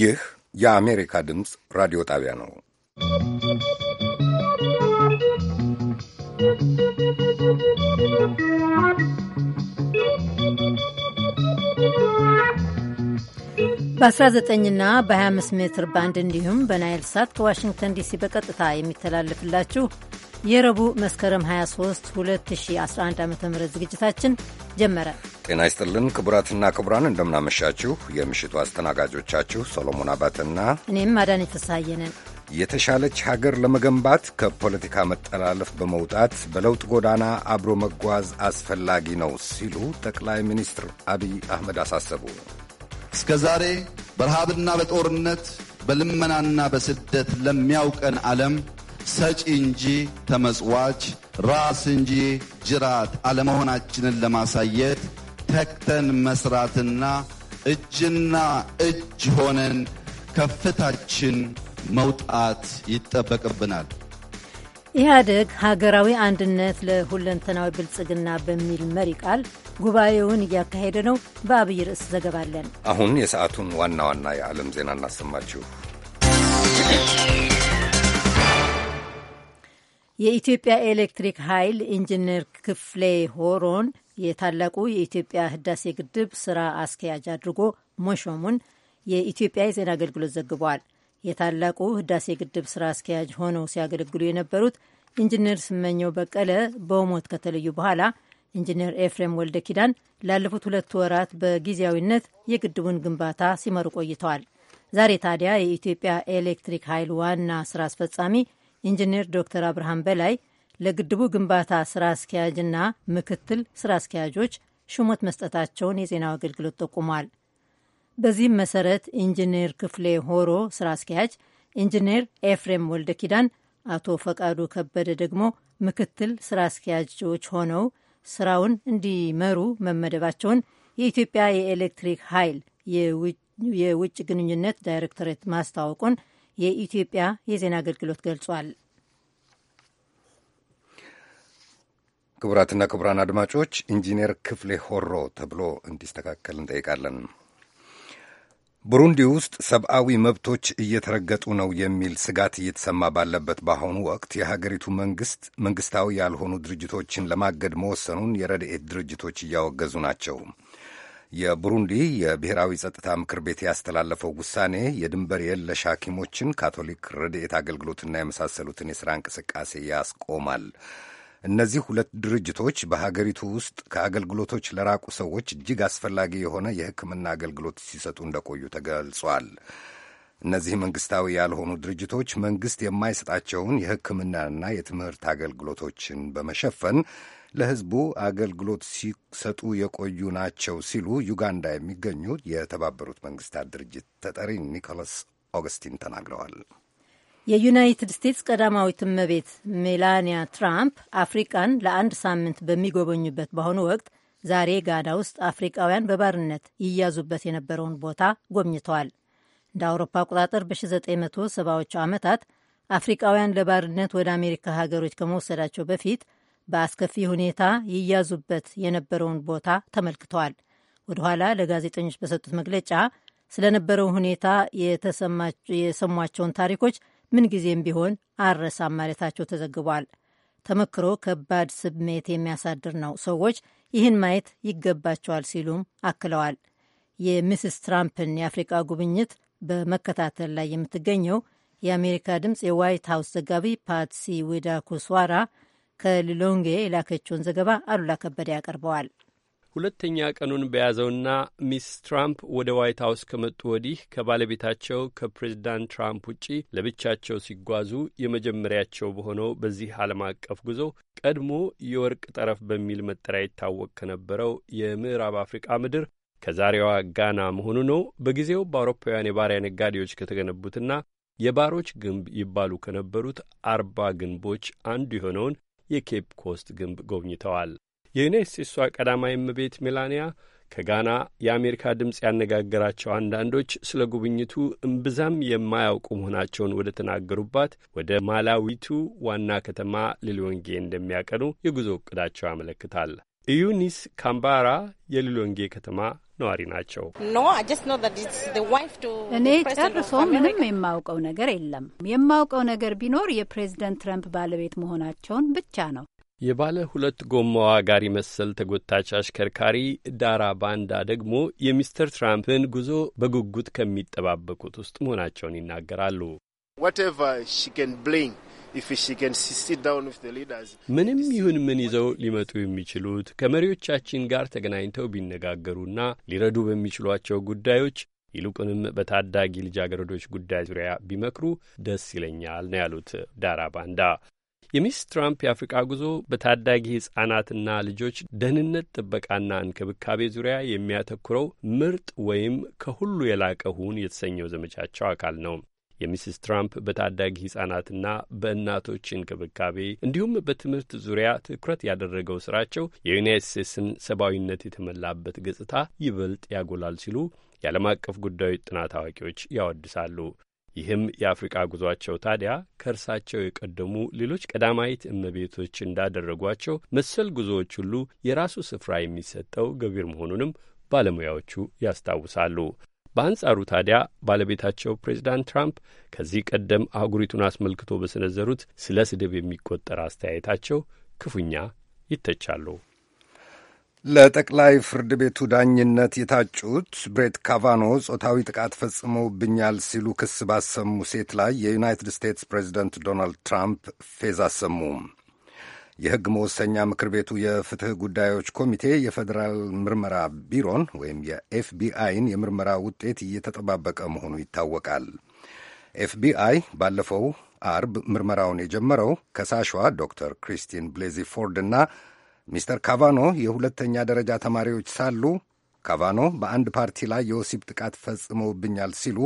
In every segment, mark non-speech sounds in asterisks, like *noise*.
ይህ የአሜሪካ ድምፅ ራዲዮ ጣቢያ ነው። በ19ና በ25 ሜትር ባንድ እንዲሁም በናይል ሳት ከዋሽንግተን ዲሲ በቀጥታ የሚተላለፍላችሁ የረቡዕ መስከረም 23 2011 ዓ ም ዝግጅታችን ጀመረ። ጤና ይስጥልን ክቡራትና ክቡራን፣ እንደምናመሻችሁ። የምሽቱ አስተናጋጆቻችሁ ሶሎሞን አባትና እኔም አዳነች ፍስሐዬ ነን። የተሻለች ሀገር ለመገንባት ከፖለቲካ መጠላለፍ በመውጣት በለውጥ ጎዳና አብሮ መጓዝ አስፈላጊ ነው ሲሉ ጠቅላይ ሚኒስትር አብይ አህመድ አሳሰቡ። እስከ ዛሬ በረሃብና በጦርነት በልመናና በስደት ለሚያውቀን ዓለም ሰጪ እንጂ ተመጽዋች፣ ራስ እንጂ ጅራት አለመሆናችንን ለማሳየት ተክተን መስራትና እጅና እጅ ሆነን ከፍታችን መውጣት ይጠበቅብናል። ኢህአደግ ሀገራዊ አንድነት ለሁለንተናዊ ብልጽግና በሚል መሪ ቃል ጉባኤውን እያካሄደ ነው። በአብይ ርዕስ ዘገባለን። አሁን የሰዓቱን ዋና ዋና የዓለም ዜና እናሰማችሁ። የኢትዮጵያ ኤሌክትሪክ ኃይል ኢንጂነር ክፍሌ ሆሮን የታላቁ የኢትዮጵያ ህዳሴ ግድብ ስራ አስኪያጅ አድርጎ መሾሙን የኢትዮጵያ የዜና አገልግሎት ዘግቧል። የታላቁ ህዳሴ ግድብ ስራ አስኪያጅ ሆነው ሲያገለግሉ የነበሩት ኢንጂነር ስመኘው በቀለ በሞት ከተለዩ በኋላ ኢንጂነር ኤፍሬም ወልደ ኪዳን ላለፉት ሁለት ወራት በጊዜያዊነት የግድቡን ግንባታ ሲመሩ ቆይተዋል። ዛሬ ታዲያ የኢትዮጵያ ኤሌክትሪክ ኃይል ዋና ስራ አስፈጻሚ ኢንጂነር ዶክተር አብርሃም በላይ ለግድቡ ግንባታ ስራ አስኪያጅና ምክትል ስራ አስኪያጆች ሹመት መስጠታቸውን የዜናው አገልግሎት ጠቁሟል። በዚህም መሰረት ኢንጂነር ክፍሌ ሆሮ ስራ አስኪያጅ፣ ኢንጂነር ኤፍሬም ወልደ ኪዳን፣ አቶ ፈቃዱ ከበደ ደግሞ ምክትል ስራ አስኪያጆች ሆነው ስራውን እንዲመሩ መመደባቸውን የኢትዮጵያ የኤሌክትሪክ ኃይል የውጭ ግንኙነት ዳይሬክቶሬት ማስታወቁን የኢትዮጵያ የዜና አገልግሎት ገልጿል። ክቡራትና ክቡራን አድማጮች ኢንጂነር ክፍሌ ሆሮ ተብሎ እንዲስተካከል እንጠይቃለን። ቡሩንዲ ውስጥ ሰብአዊ መብቶች እየተረገጡ ነው የሚል ስጋት እየተሰማ ባለበት በአሁኑ ወቅት የሀገሪቱ መንግስት መንግስታዊ ያልሆኑ ድርጅቶችን ለማገድ መወሰኑን የረድኤት ድርጅቶች እያወገዙ ናቸው። የቡሩንዲ የብሔራዊ ጸጥታ ምክር ቤት ያስተላለፈው ውሳኔ የድንበር የለሽ ሐኪሞችን፣ ካቶሊክ ረድኤት አገልግሎትና የመሳሰሉትን የሥራ እንቅስቃሴ ያስቆማል። እነዚህ ሁለት ድርጅቶች በሀገሪቱ ውስጥ ከአገልግሎቶች ለራቁ ሰዎች እጅግ አስፈላጊ የሆነ የሕክምና አገልግሎት ሲሰጡ እንደቆዩ ተገልጿል። እነዚህ መንግስታዊ ያልሆኑ ድርጅቶች መንግስት የማይሰጣቸውን የሕክምናና የትምህርት አገልግሎቶችን በመሸፈን ለሕዝቡ አገልግሎት ሲሰጡ የቆዩ ናቸው ሲሉ ዩጋንዳ የሚገኙ የተባበሩት መንግስታት ድርጅት ተጠሪ ኒኮላስ ኦገስቲን ተናግረዋል። የዩናይትድ ስቴትስ ቀዳማዊት እመቤት ሜላኒያ ትራምፕ አፍሪቃን ለአንድ ሳምንት በሚጎበኙበት በአሁኑ ወቅት ዛሬ ጋዳ ውስጥ አፍሪቃውያን በባርነት ይያዙበት የነበረውን ቦታ ጎብኝተዋል። እንደ አውሮፓ አቆጣጠር በ1970ዎቹ ዓመታት አፍሪቃውያን ለባርነት ወደ አሜሪካ ሀገሮች ከመወሰዳቸው በፊት በአስከፊ ሁኔታ ይያዙበት የነበረውን ቦታ ተመልክተዋል። ወደ ኋላ ለጋዜጠኞች በሰጡት መግለጫ ስለነበረው ሁኔታ የሰሟቸውን ታሪኮች ምንጊዜም ቢሆን አረሳ ማለታቸው ተዘግቧል። ተመክሮ ከባድ ስሜት የሚያሳድር ነው፣ ሰዎች ይህን ማየት ይገባቸዋል ሲሉም አክለዋል። የሚስስ ትራምፕን የአፍሪቃ ጉብኝት በመከታተል ላይ የምትገኘው የአሜሪካ ድምፅ የዋይት ሀውስ ዘጋቢ ፓትሲ ዊዳኩስዋራ ከሊሎንጌ የላከችውን ዘገባ አሉላ ከበደ ያቀርበዋል። ሁለተኛ ቀኑን በያዘውና ሚስ ትራምፕ ወደ ዋይት ሀውስ ከመጡ ወዲህ ከባለቤታቸው ከፕሬዚዳንት ትራምፕ ውጪ ለብቻቸው ሲጓዙ የመጀመሪያቸው በሆነው በዚህ ዓለም አቀፍ ጉዞ ቀድሞ የወርቅ ጠረፍ በሚል መጠሪያ ይታወቅ ከነበረው የምዕራብ አፍሪቃ ምድር ከዛሬዋ ጋና መሆኑ ነው። በጊዜው በአውሮፓውያን የባሪያ ነጋዴዎች ከተገነቡትና የባሮች ግንብ ይባሉ ከነበሩት አርባ ግንቦች አንዱ የሆነውን የኬፕ ኮስት ግንብ ጎብኝተዋል። የዩናይት ስቴትሷ ቀዳማዊ እመቤት ሜላኒያ ከጋና የአሜሪካ ድምፅ ያነጋገራቸው አንዳንዶች ስለ ጉብኝቱ እምብዛም የማያውቁ መሆናቸውን ወደ ተናገሩባት ወደ ማላዊቱ ዋና ከተማ ሊሎንጌ እንደሚያቀኑ የጉዞ እቅዳቸው ያመለክታል። ኢዩኒስ ካምባራ የሊሎንጌ ከተማ ነዋሪ ናቸው። እኔ ጨርሶ ምንም የማውቀው ነገር የለም። የማውቀው ነገር ቢኖር የፕሬዝደንት ትረምፕ ባለቤት መሆናቸውን ብቻ ነው። የባለ ሁለት ጎማዋ ጋሪ መሰል ተጎታች አሽከርካሪ ዳራ ባንዳ ደግሞ የሚስተር ትራምፕን ጉዞ በጉጉት ከሚጠባበቁት ውስጥ መሆናቸውን ይናገራሉ። *laughs* ምንም ይሁን ምን ይዘው ሊመጡ የሚችሉት ከመሪዎቻችን ጋር ተገናኝተው ቢነጋገሩና ሊረዱ በሚችሏቸው ጉዳዮች ይልቁንም በታዳጊ ልጃገረዶች ጉዳይ ዙሪያ ቢመክሩ ደስ ይለኛል ነው ያሉት ዳራ ባንዳ። የሚስ ትራምፕ የአፍሪቃ ጉዞ በታዳጊ ሕፃናትና ልጆች ደህንነት ጥበቃና እንክብካቤ ዙሪያ የሚያተኩረው ምርጥ ወይም ከሁሉ የላቀ ሁን የተሰኘው ዘመቻቸው አካል ነው። የሚስስ ትራምፕ በታዳጊ ህጻናትና በእናቶች እንክብካቤ እንዲሁም በትምህርት ዙሪያ ትኩረት ያደረገው ስራቸው የዩናይት ስቴትስን ሰብአዊነት የተሞላበት ገጽታ ይበልጥ ያጎላል ሲሉ የዓለም አቀፍ ጉዳዮች ጥናት አዋቂዎች ያወድሳሉ። ይህም የአፍሪቃ ጉዟቸው ታዲያ ከእርሳቸው የቀደሙ ሌሎች ቀዳማዊት እመቤቶች እንዳደረጓቸው መሰል ጉዞዎች ሁሉ የራሱ ስፍራ የሚሰጠው ገቢር መሆኑንም ባለሙያዎቹ ያስታውሳሉ። በአንጻሩ ታዲያ ባለቤታቸው ፕሬዚዳንት ትራምፕ ከዚህ ቀደም አህጉሪቱን አስመልክቶ በሰነዘሩት ስለ ስድብ የሚቆጠር አስተያየታቸው ክፉኛ ይተቻሉ። ለጠቅላይ ፍርድ ቤቱ ዳኝነት የታጩት ብሬት ካቫኖ ጾታዊ ጥቃት ፈጽመውብኛል ሲሉ ክስ ባሰሙ ሴት ላይ የዩናይትድ ስቴትስ ፕሬዚደንት ዶናልድ ትራምፕ ፌዝ አሰሙ። የሕግ መወሰኛ ምክር ቤቱ የፍትህ ጉዳዮች ኮሚቴ የፌዴራል ምርመራ ቢሮን ወይም የኤፍቢአይን የምርመራ ውጤት እየተጠባበቀ መሆኑ ይታወቃል። ኤፍቢአይ ባለፈው አርብ ምርመራውን የጀመረው ከሳሿ ዶክተር ክሪስቲን ብሌዚ ፎርድ እና ሚስተር ካቫኖ የሁለተኛ ደረጃ ተማሪዎች ሳሉ ካቫኖ በአንድ ፓርቲ ላይ የወሲብ ጥቃት ፈጽመውብኛል ሲሉ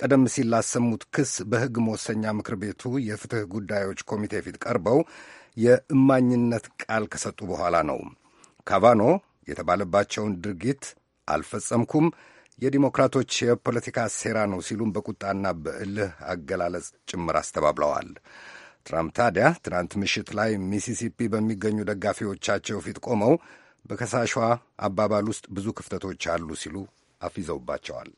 ቀደም ሲል ላሰሙት ክስ በሕግ መወሰኛ ምክር ቤቱ የፍትህ ጉዳዮች ኮሚቴ ፊት ቀርበው የእማኝነት ቃል ከሰጡ በኋላ ነው። ካቫኖ የተባለባቸውን ድርጊት አልፈጸምኩም፣ የዲሞክራቶች የፖለቲካ ሴራ ነው ሲሉም በቁጣና በእልህ አገላለጽ ጭምር አስተባብለዋል። ትራምፕ ታዲያ ትናንት ምሽት ላይ ሚሲሲፒ በሚገኙ ደጋፊዎቻቸው ፊት ቆመው በከሳሿ አባባል ውስጥ ብዙ ክፍተቶች አሉ ሲሉ አፍይዘውባቸዋል።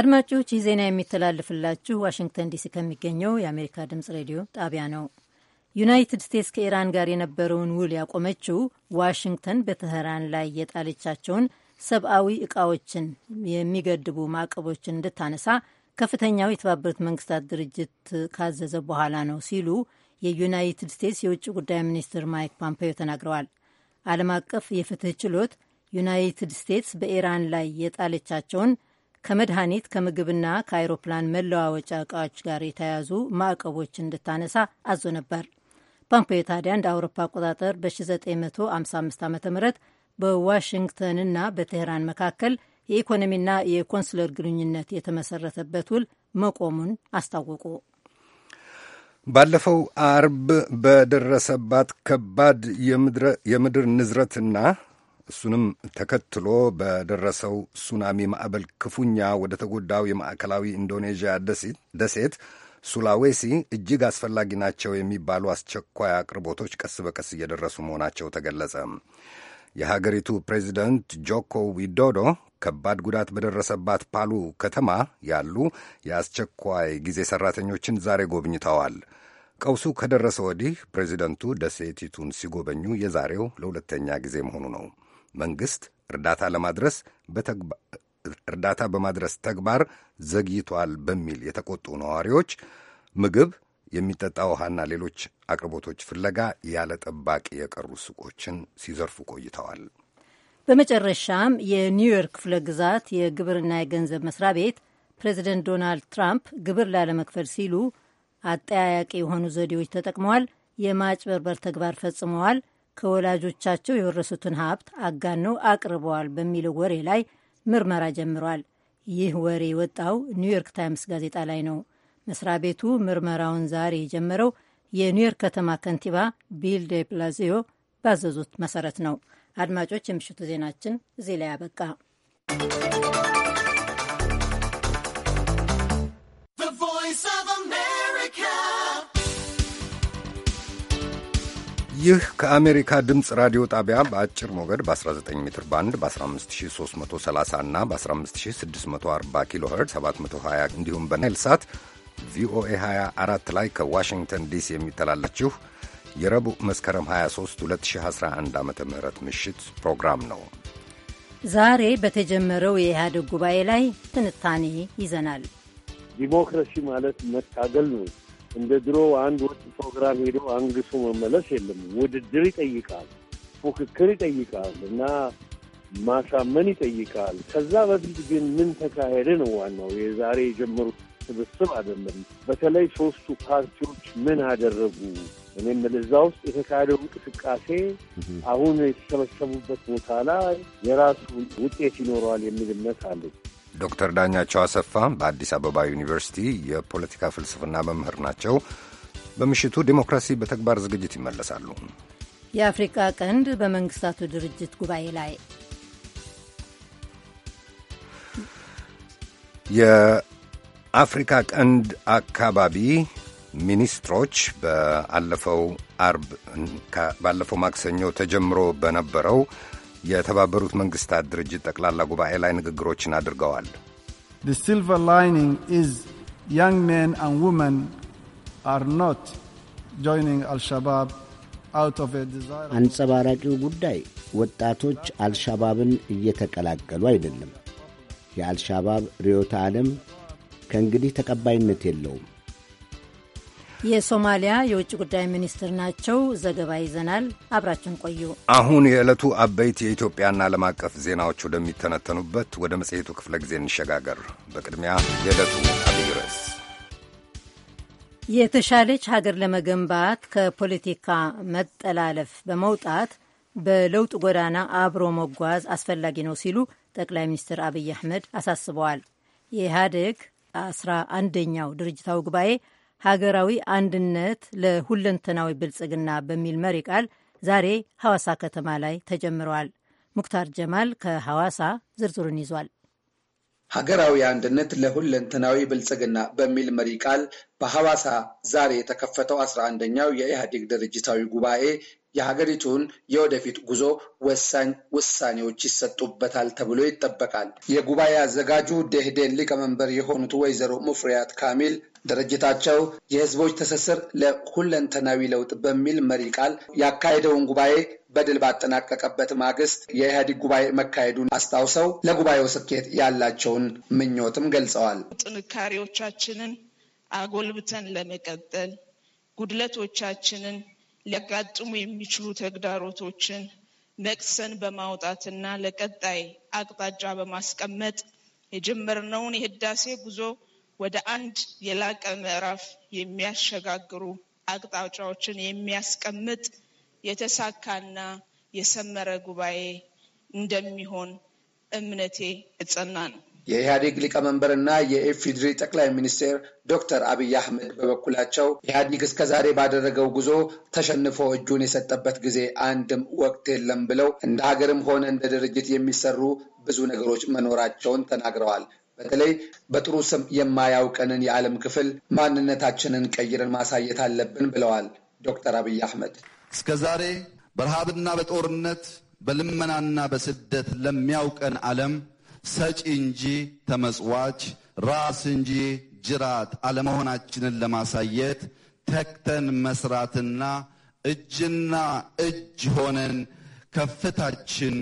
አድማጮች ይህ ዜና የሚተላለፍላችሁ ዋሽንግተን ዲሲ ከሚገኘው የአሜሪካ ድምፅ ሬዲዮ ጣቢያ ነው። ዩናይትድ ስቴትስ ከኢራን ጋር የነበረውን ውል ያቆመችው ዋሽንግተን በትህራን ላይ የጣለቻቸውን ሰብአዊ እቃዎችን የሚገድቡ ማዕቀቦችን እንድታነሳ ከፍተኛው የተባበሩት መንግስታት ድርጅት ካዘዘ በኋላ ነው ሲሉ የዩናይትድ ስቴትስ የውጭ ጉዳይ ሚኒስትር ማይክ ፖምፔዮ ተናግረዋል። ዓለም አቀፍ የፍትህ ችሎት ዩናይትድ ስቴትስ በኢራን ላይ የጣለቻቸውን ከመድኃኒት ከምግብና ከአይሮፕላን መለዋወጫ እቃዎች ጋር የተያያዙ ማዕቀቦች እንድታነሳ አዞ ነበር። ባንኮ የታዲያ እንደ አውሮፓ አቆጣጠር በ1955 ዓ ም በዋሽንግተንና በቴህራን መካከል የኢኮኖሚና የኮንስለር ግንኙነት የተመሰረተበት ውል መቆሙን አስታወቁ። ባለፈው አርብ በደረሰባት ከባድ የምድር ንዝረትና እሱንም ተከትሎ በደረሰው ሱናሚ ማዕበል ክፉኛ ወደ ተጎዳው የማዕከላዊ ኢንዶኔዥያ ደሴት ሱላዌሲ እጅግ አስፈላጊ ናቸው የሚባሉ አስቸኳይ አቅርቦቶች ቀስ በቀስ እየደረሱ መሆናቸው ተገለጸ። የሀገሪቱ ፕሬዚደንት ጆኮ ዊዶዶ ከባድ ጉዳት በደረሰባት ፓሉ ከተማ ያሉ የአስቸኳይ ጊዜ ሠራተኞችን ዛሬ ጎብኝተዋል። ቀውሱ ከደረሰ ወዲህ ፕሬዚደንቱ ደሴቲቱን ሲጎበኙ የዛሬው ለሁለተኛ ጊዜ መሆኑ ነው። መንግሥት እርዳታ ለማድረስ እርዳታ በማድረስ ተግባር ዘግይቷል በሚል የተቆጡ ነዋሪዎች ምግብ፣ የሚጠጣ ውሃና ሌሎች አቅርቦቶች ፍለጋ ያለ ጠባቂ የቀሩ ሱቆችን ሲዘርፉ ቆይተዋል። በመጨረሻም የኒውዮርክ ክፍለ ግዛት የግብርና የገንዘብ መስሪያ ቤት ፕሬዚደንት ዶናልድ ትራምፕ ግብር ላለመክፈል ሲሉ አጠያያቂ የሆኑ ዘዴዎች ተጠቅመዋል፣ የማጭበርበር ተግባር ፈጽመዋል፣ ከወላጆቻቸው የወረሱትን ሀብት አጋነው አቅርበዋል በሚለው ወሬ ላይ ምርመራ ጀምሯል። ይህ ወሬ የወጣው ኒውዮርክ ታይምስ ጋዜጣ ላይ ነው። መስሪያ ቤቱ ምርመራውን ዛሬ የጀመረው የኒውዮርክ ከተማ ከንቲባ ቢል ዴ ፕላዚዮ ባዘዙት መሰረት ነው። አድማጮች፣ የምሽቱ ዜናችን እዚህ ላይ አበቃ። ይህ ከአሜሪካ ድምፅ ራዲዮ ጣቢያ በአጭር ሞገድ በ19 ሜትር ባንድ በ15330 እና በ15640 ኪሎ ሄርዝ 720 እንዲሁም በናይል ሳት ቪኦኤ 24 ላይ ከዋሽንግተን ዲሲ የሚተላለችው የረቡዕ መስከረም 23 2011 ዓ ም ምሽት ፕሮግራም ነው። ዛሬ በተጀመረው የኢህአዴግ ጉባኤ ላይ ትንታኔ ይዘናል። ዲሞክራሲ ማለት መታገል ነው። እንደ ድሮ አንድ ወጥ ፕሮግራም ሄዶ አንግሱ መመለስ የለም። ውድድር ይጠይቃል፣ ፉክክር ይጠይቃል እና ማሳመን ይጠይቃል። ከዛ በፊት ግን ምን ተካሄደ ነው ዋናው። የዛሬ የጀመሩት ስብስብ አይደለም። በተለይ ሶስቱ ፓርቲዎች ምን አደረጉ? እኔም እዛ ውስጥ የተካሄደው እንቅስቃሴ አሁን የተሰበሰቡበት ቦታ ላይ የራሱ ውጤት ይኖረዋል የሚል እምነት አለኝ። ዶክተር ዳኛቸው አሰፋ በአዲስ አበባ ዩኒቨርሲቲ የፖለቲካ ፍልስፍና መምህር ናቸው። በምሽቱ ዴሞክራሲ በተግባር ዝግጅት ይመለሳሉ። የአፍሪቃ ቀንድ በመንግስታቱ ድርጅት ጉባኤ ላይ የአፍሪካ ቀንድ አካባቢ ሚኒስትሮች በአለፈው አርብ ባለፈው ማክሰኞ ተጀምሮ በነበረው የተባበሩት መንግሥታት ድርጅት ጠቅላላ ጉባኤ ላይ ንግግሮችን አድርገዋል። The silver lining is young men and women are not joining Al-Shabaab out of a desire አንጸባራቂው ጉዳይ ወጣቶች አልሻባብን እየተቀላቀሉ አይደለም። የአልሻባብ ርዕዮተ ዓለም ከእንግዲህ ተቀባይነት የለውም። የሶማሊያ የውጭ ጉዳይ ሚኒስትር ናቸው። ዘገባ ይዘናል። አብራችን ቆዩ። አሁን የዕለቱ አበይት የኢትዮጵያና ዓለም አቀፍ ዜናዎች ወደሚተነተኑበት ወደ መጽሔቱ ክፍለ ጊዜ እንሸጋገር። በቅድሚያ የዕለቱ አብይ ርዕስ የተሻለች ሀገር ለመገንባት ከፖለቲካ መጠላለፍ በመውጣት በለውጥ ጎዳና አብሮ መጓዝ አስፈላጊ ነው ሲሉ ጠቅላይ ሚኒስትር አብይ አህመድ አሳስበዋል። የኢህአዴግ አስራ አንደኛው ድርጅታዊ ጉባኤ ሀገራዊ አንድነት ለሁለንተናዊ ብልጽግና በሚል መሪ ቃል ዛሬ ሐዋሳ ከተማ ላይ ተጀምረዋል። ሙክታር ጀማል ከሐዋሳ ዝርዝሩን ይዟል። ሀገራዊ አንድነት ለሁለንተናዊ ብልጽግና በሚል መሪ ቃል በሐዋሳ ዛሬ የተከፈተው አስራ አንደኛው የኢህአዴግ ድርጅታዊ ጉባኤ የሀገሪቱን የወደፊት ጉዞ ወሳኝ ውሳኔዎች ይሰጡበታል ተብሎ ይጠበቃል። የጉባኤ አዘጋጁ ደህዴን ሊቀመንበር የሆኑት ወይዘሮ ሙፍሪያት ካሚል ድርጅታቸው የህዝቦች ትስስር ለሁለንተናዊ ለውጥ በሚል መሪ ቃል ያካሄደውን ጉባኤ በድል ባጠናቀቀበት ማግስት የኢህአዴግ ጉባኤ መካሄዱን አስታውሰው ለጉባኤው ስኬት ያላቸውን ምኞትም ገልጸዋል። ጥንካሬዎቻችንን አጎልብተን ለመቀጠል ጉድለቶቻችንን ሊያጋጥሙ የሚችሉ ተግዳሮቶችን ነቅሰን በማውጣትና ለቀጣይ አቅጣጫ በማስቀመጥ የጀመርነውን የህዳሴ ጉዞ ወደ አንድ የላቀ ምዕራፍ የሚያሸጋግሩ አቅጣጫዎችን የሚያስቀምጥ የተሳካና የሰመረ ጉባኤ እንደሚሆን እምነቴ እጸና ነው። የኢህአዴግ ሊቀመንበርና የኢፌዴሪ ጠቅላይ ሚኒስትር ዶክተር አብይ አህመድ በበኩላቸው ኢህአዴግ እስከዛሬ ባደረገው ጉዞ ተሸንፎ እጁን የሰጠበት ጊዜ አንድም ወቅት የለም ብለው እንደ ሀገርም ሆነ እንደ ድርጅት የሚሰሩ ብዙ ነገሮች መኖራቸውን ተናግረዋል። በተለይ በጥሩ ስም የማያውቀንን የዓለም ክፍል ማንነታችንን ቀይረን ማሳየት አለብን ብለዋል ዶክተር አብይ አህመድ። እስከዛሬ በረሃብና በጦርነት በልመናና በስደት ለሚያውቀን ዓለም ሰጪ እንጂ ተመጽዋች፣ ራስ እንጂ ጅራት አለመሆናችንን ለማሳየት ተክተን መስራትና እጅና እጅ ሆነን ከፍታችን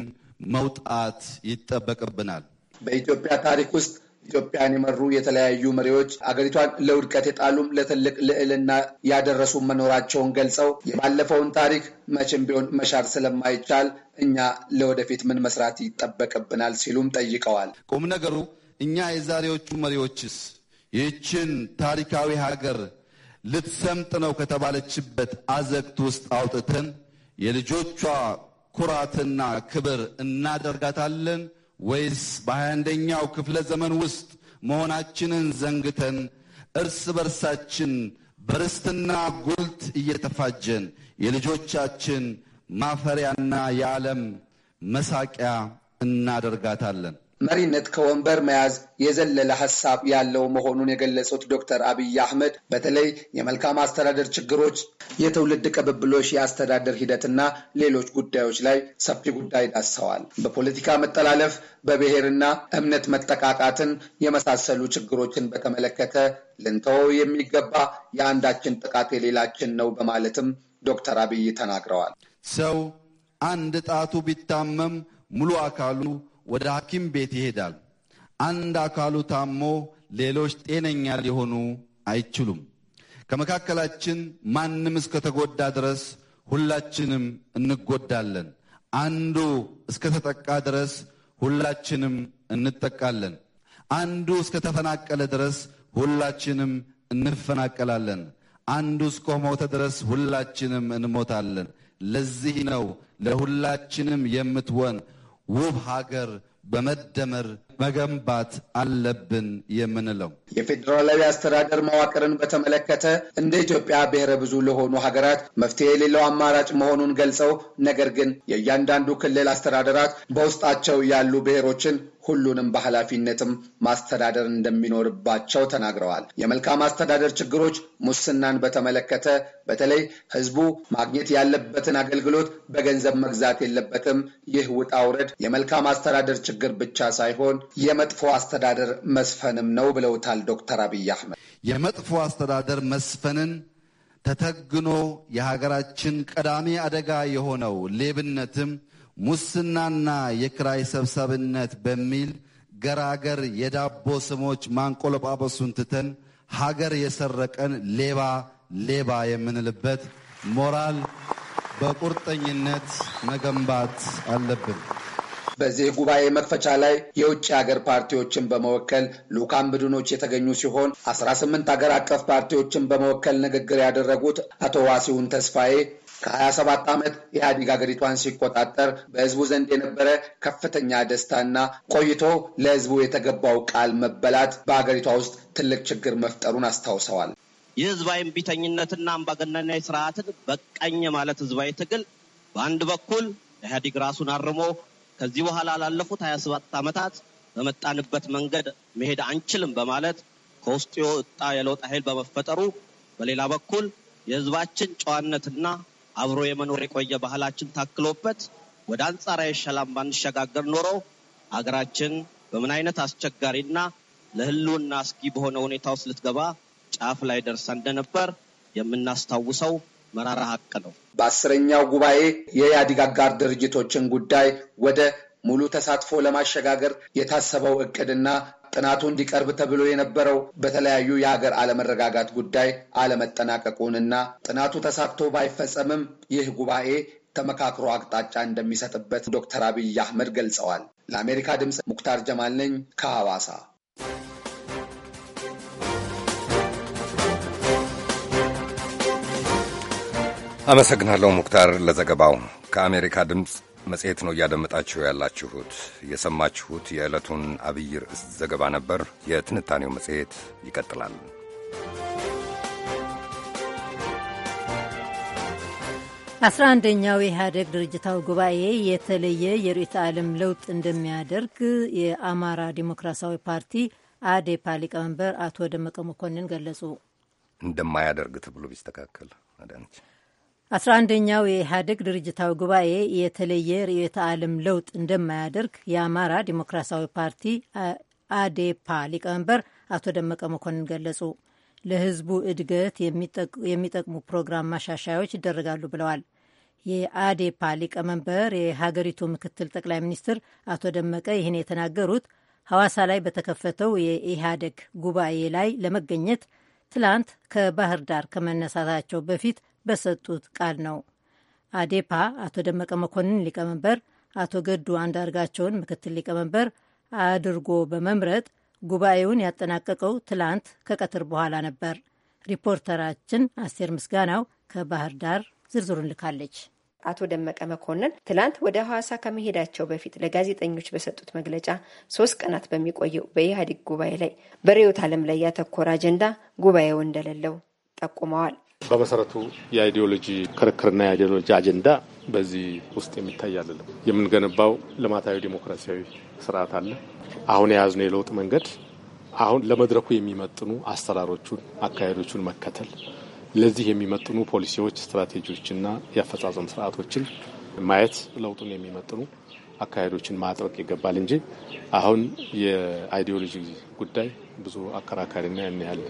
መውጣት ይጠበቅብናል። በኢትዮጵያ ታሪክ ውስጥ ኢትዮጵያን የመሩ የተለያዩ መሪዎች አገሪቷን ለውድቀት የጣሉም ለትልቅ ልዕልና ያደረሱ መኖራቸውን ገልጸው የባለፈውን ታሪክ መቼም ቢሆን መሻር ስለማይቻል እኛ ለወደፊት ምን መስራት ይጠበቅብናል ሲሉም ጠይቀዋል። ቁም ነገሩ እኛ የዛሬዎቹ መሪዎችስ ይህችን ታሪካዊ ሀገር ልትሰምጥ ነው ከተባለችበት አዘግት ውስጥ አውጥተን የልጆቿ ኩራትና ክብር እናደርጋታለን ወይስ በሀያ አንደኛው ክፍለ ዘመን ውስጥ መሆናችንን ዘንግተን እርስ በርሳችን በርስትና ጉልት እየተፋጀን የልጆቻችን ማፈሪያና የዓለም መሳቂያ እናደርጋታለን? መሪነት ከወንበር መያዝ የዘለለ ሀሳብ ያለው መሆኑን የገለጹት ዶክተር አብይ አህመድ በተለይ የመልካም አስተዳደር ችግሮች፣ የትውልድ ቅብብሎች፣ የአስተዳደር ሂደትና ሌሎች ጉዳዮች ላይ ሰፊ ጉዳይ ዳሰዋል። በፖለቲካ መጠላለፍ፣ በብሔርና እምነት መጠቃቃትን የመሳሰሉ ችግሮችን በተመለከተ ልንተወው የሚገባ የአንዳችን ጥቃት የሌላችን ነው በማለትም ዶክተር አብይ ተናግረዋል። ሰው አንድ ጣቱ ቢታመም ሙሉ አካሉ ወደ ሐኪም ቤት ይሄዳል። አንድ አካሉ ታሞ ሌሎች ጤነኛ ሊሆኑ አይችሉም። ከመካከላችን ማንም እስከተጎዳ ድረስ ሁላችንም እንጎዳለን። አንዱ እስከተጠቃ ድረስ ሁላችንም እንጠቃለን። አንዱ እስከተፈናቀለ ድረስ ሁላችንም እንፈናቀላለን። አንዱ እስከሞተ ድረስ ሁላችንም እንሞታለን። ለዚህ ነው ለሁላችንም የምትወን ውብ ሀገር በመደመር መገንባት አለብን የምንለው የፌዴራላዊ አስተዳደር መዋቅርን በተመለከተ እንደ ኢትዮጵያ ብሔረ ብዙ ለሆኑ ሀገራት መፍትሄ የሌለው አማራጭ መሆኑን ገልጸው ነገር ግን የእያንዳንዱ ክልል አስተዳደራት በውስጣቸው ያሉ ብሔሮችን ሁሉንም በኃላፊነትም ማስተዳደር እንደሚኖርባቸው ተናግረዋል። የመልካም አስተዳደር ችግሮች ሙስናን በተመለከተ በተለይ ህዝቡ ማግኘት ያለበትን አገልግሎት በገንዘብ መግዛት የለበትም። ይህ ውጣ ውረድ የመልካም አስተዳደር ችግር ብቻ ሳይሆን የመጥፎ አስተዳደር መስፈንም ነው ብለውታል ዶክተር አብይ አህመድ። የመጥፎ አስተዳደር መስፈንን ተተግኖ የሀገራችን ቀዳሚ አደጋ የሆነው ሌብነትም ሙስናና የክራይ ሰብሳቢነት በሚል ገራገር የዳቦ ስሞች ማንቆለጳጰሱን ትተን ሀገር የሰረቀን ሌባ ሌባ የምንልበት ሞራል በቁርጠኝነት መገንባት አለብን። በዚህ ጉባኤ መክፈቻ ላይ የውጭ ሀገር ፓርቲዎችን በመወከል ልዑካን ቡድኖች የተገኙ ሲሆን አስራ ስምንት ሀገር አቀፍ ፓርቲዎችን በመወከል ንግግር ያደረጉት አቶ ዋሲሁን ተስፋዬ ከ27 ዓመት ኢህአዲግ ሀገሪቷን ሲቆጣጠር በህዝቡ ዘንድ የነበረ ከፍተኛ ደስታና ቆይቶ ለህዝቡ የተገባው ቃል መበላት በሀገሪቷ ውስጥ ትልቅ ችግር መፍጠሩን አስታውሰዋል። የህዝባዊ እምቢተኝነትና አምባገነናዊ ስርዓትን በቀኝ ማለት ህዝባዊ ትግል በአንድ በኩል ኢህአዲግ ራሱን አርሞ ከዚህ በኋላ ላለፉት 27 ዓመታት በመጣንበት መንገድ መሄድ አንችልም በማለት ከውስጥ የወጣ የለውጥ ኃይል በመፈጠሩ፣ በሌላ በኩል የህዝባችን ጨዋነትና አብሮ የመኖር የቆየ ባህላችን ታክሎበት ወደ አንጻራዊ ሰላም ባንሸጋገር ኖሮ አገራችን በምን አይነት አስቸጋሪና ለህልውና አስጊ በሆነ ሁኔታ ውስጥ ልትገባ ጫፍ ላይ ደርሳ እንደነበር የምናስታውሰው መራራ ሀቅ ነው። በአስረኛው ጉባኤ የኢህአዴግ አጋር ድርጅቶችን ጉዳይ ወደ ሙሉ ተሳትፎ ለማሸጋገር የታሰበው እቅድና ጥናቱ እንዲቀርብ ተብሎ የነበረው በተለያዩ የሀገር አለመረጋጋት ጉዳይ አለመጠናቀቁንና ጥናቱ ተሳክቶ ባይፈጸምም ይህ ጉባኤ ተመካክሮ አቅጣጫ እንደሚሰጥበት ዶክተር አብይ አህመድ ገልጸዋል። ለአሜሪካ ድምፅ ሙክታር ጀማል ነኝ ከሐዋሳ። አመሰግናለሁ ሙክታር ለዘገባው። ከአሜሪካ ድምፅ መጽሔት ነው እያደመጣችሁ ያላችሁት። የሰማችሁት የዕለቱን አብይ ርዕስ ዘገባ ነበር። የትንታኔው መጽሔት ይቀጥላል። አስራ አንደኛው የኢህአዴግ ድርጅታዊ ጉባኤ የተለየ የርዕዮተ ዓለም ለውጥ እንደሚያደርግ የአማራ ዲሞክራሲያዊ ፓርቲ አዴፓ ሊቀመንበር አቶ ደመቀ መኮንን ገለጹ። እንደማያደርግ ተብሎ ቢስተካከል አዳነች 11ኛው የኢህአዴግ ድርጅታዊ ጉባኤ የተለየ ርዕዮተ ዓለም ለውጥ እንደማያደርግ የአማራ ዲሞክራሲያዊ ፓርቲ አዴፓ ሊቀመንበር አቶ ደመቀ መኮንን ገለጹ። ለህዝቡ እድገት የሚጠቅሙ ፕሮግራም ማሻሻያዎች ይደረጋሉ ብለዋል። የአዴፓ ሊቀመንበር የሀገሪቱ ምክትል ጠቅላይ ሚኒስትር አቶ ደመቀ ይህን የተናገሩት ሐዋሳ ላይ በተከፈተው የኢህአዴግ ጉባኤ ላይ ለመገኘት ትላንት ከባህር ዳር ከመነሳታቸው በፊት በሰጡት ቃል ነው። አዴፓ አቶ ደመቀ መኮንን ሊቀመንበር፣ አቶ ገዱ አንዳርጋቸውን ምክትል ሊቀመንበር አድርጎ በመምረጥ ጉባኤውን ያጠናቀቀው ትላንት ከቀትር በኋላ ነበር። ሪፖርተራችን አስቴር ምስጋናው ከባህር ዳር ዝርዝሩን ልካለች። አቶ ደመቀ መኮንን ትላንት ወደ ሐዋሳ ከመሄዳቸው በፊት ለጋዜጠኞች በሰጡት መግለጫ ሶስት ቀናት በሚቆየው በኢህአዴግ ጉባኤ ላይ በርዕዮተ ዓለም ላይ ያተኮረ አጀንዳ ጉባኤው እንደሌለው ጠቁመዋል። በመሰረቱ የአይዲዮሎጂ ክርክርና የአይዲዮሎጂ አጀንዳ በዚህ ውስጥ የሚታይ አይደለም። የምንገነባው ልማታዊ ዴሞክራሲያዊ ስርዓት አለ። አሁን የያዝነው የለውጥ መንገድ አሁን ለመድረኩ የሚመጥኑ አሰራሮቹን፣ አካሄዶቹን መከተል ለዚህ የሚመጥኑ ፖሊሲዎች፣ ስትራቴጂዎችና የአፈጻጸም ስርዓቶችን ማየት ለውጡን የሚመጥኑ አካሄዶችን ማጥበቅ ይገባል እንጂ አሁን የአይዲዮሎጂ ጉዳይ ብዙ አከራካሪና ያን ያህል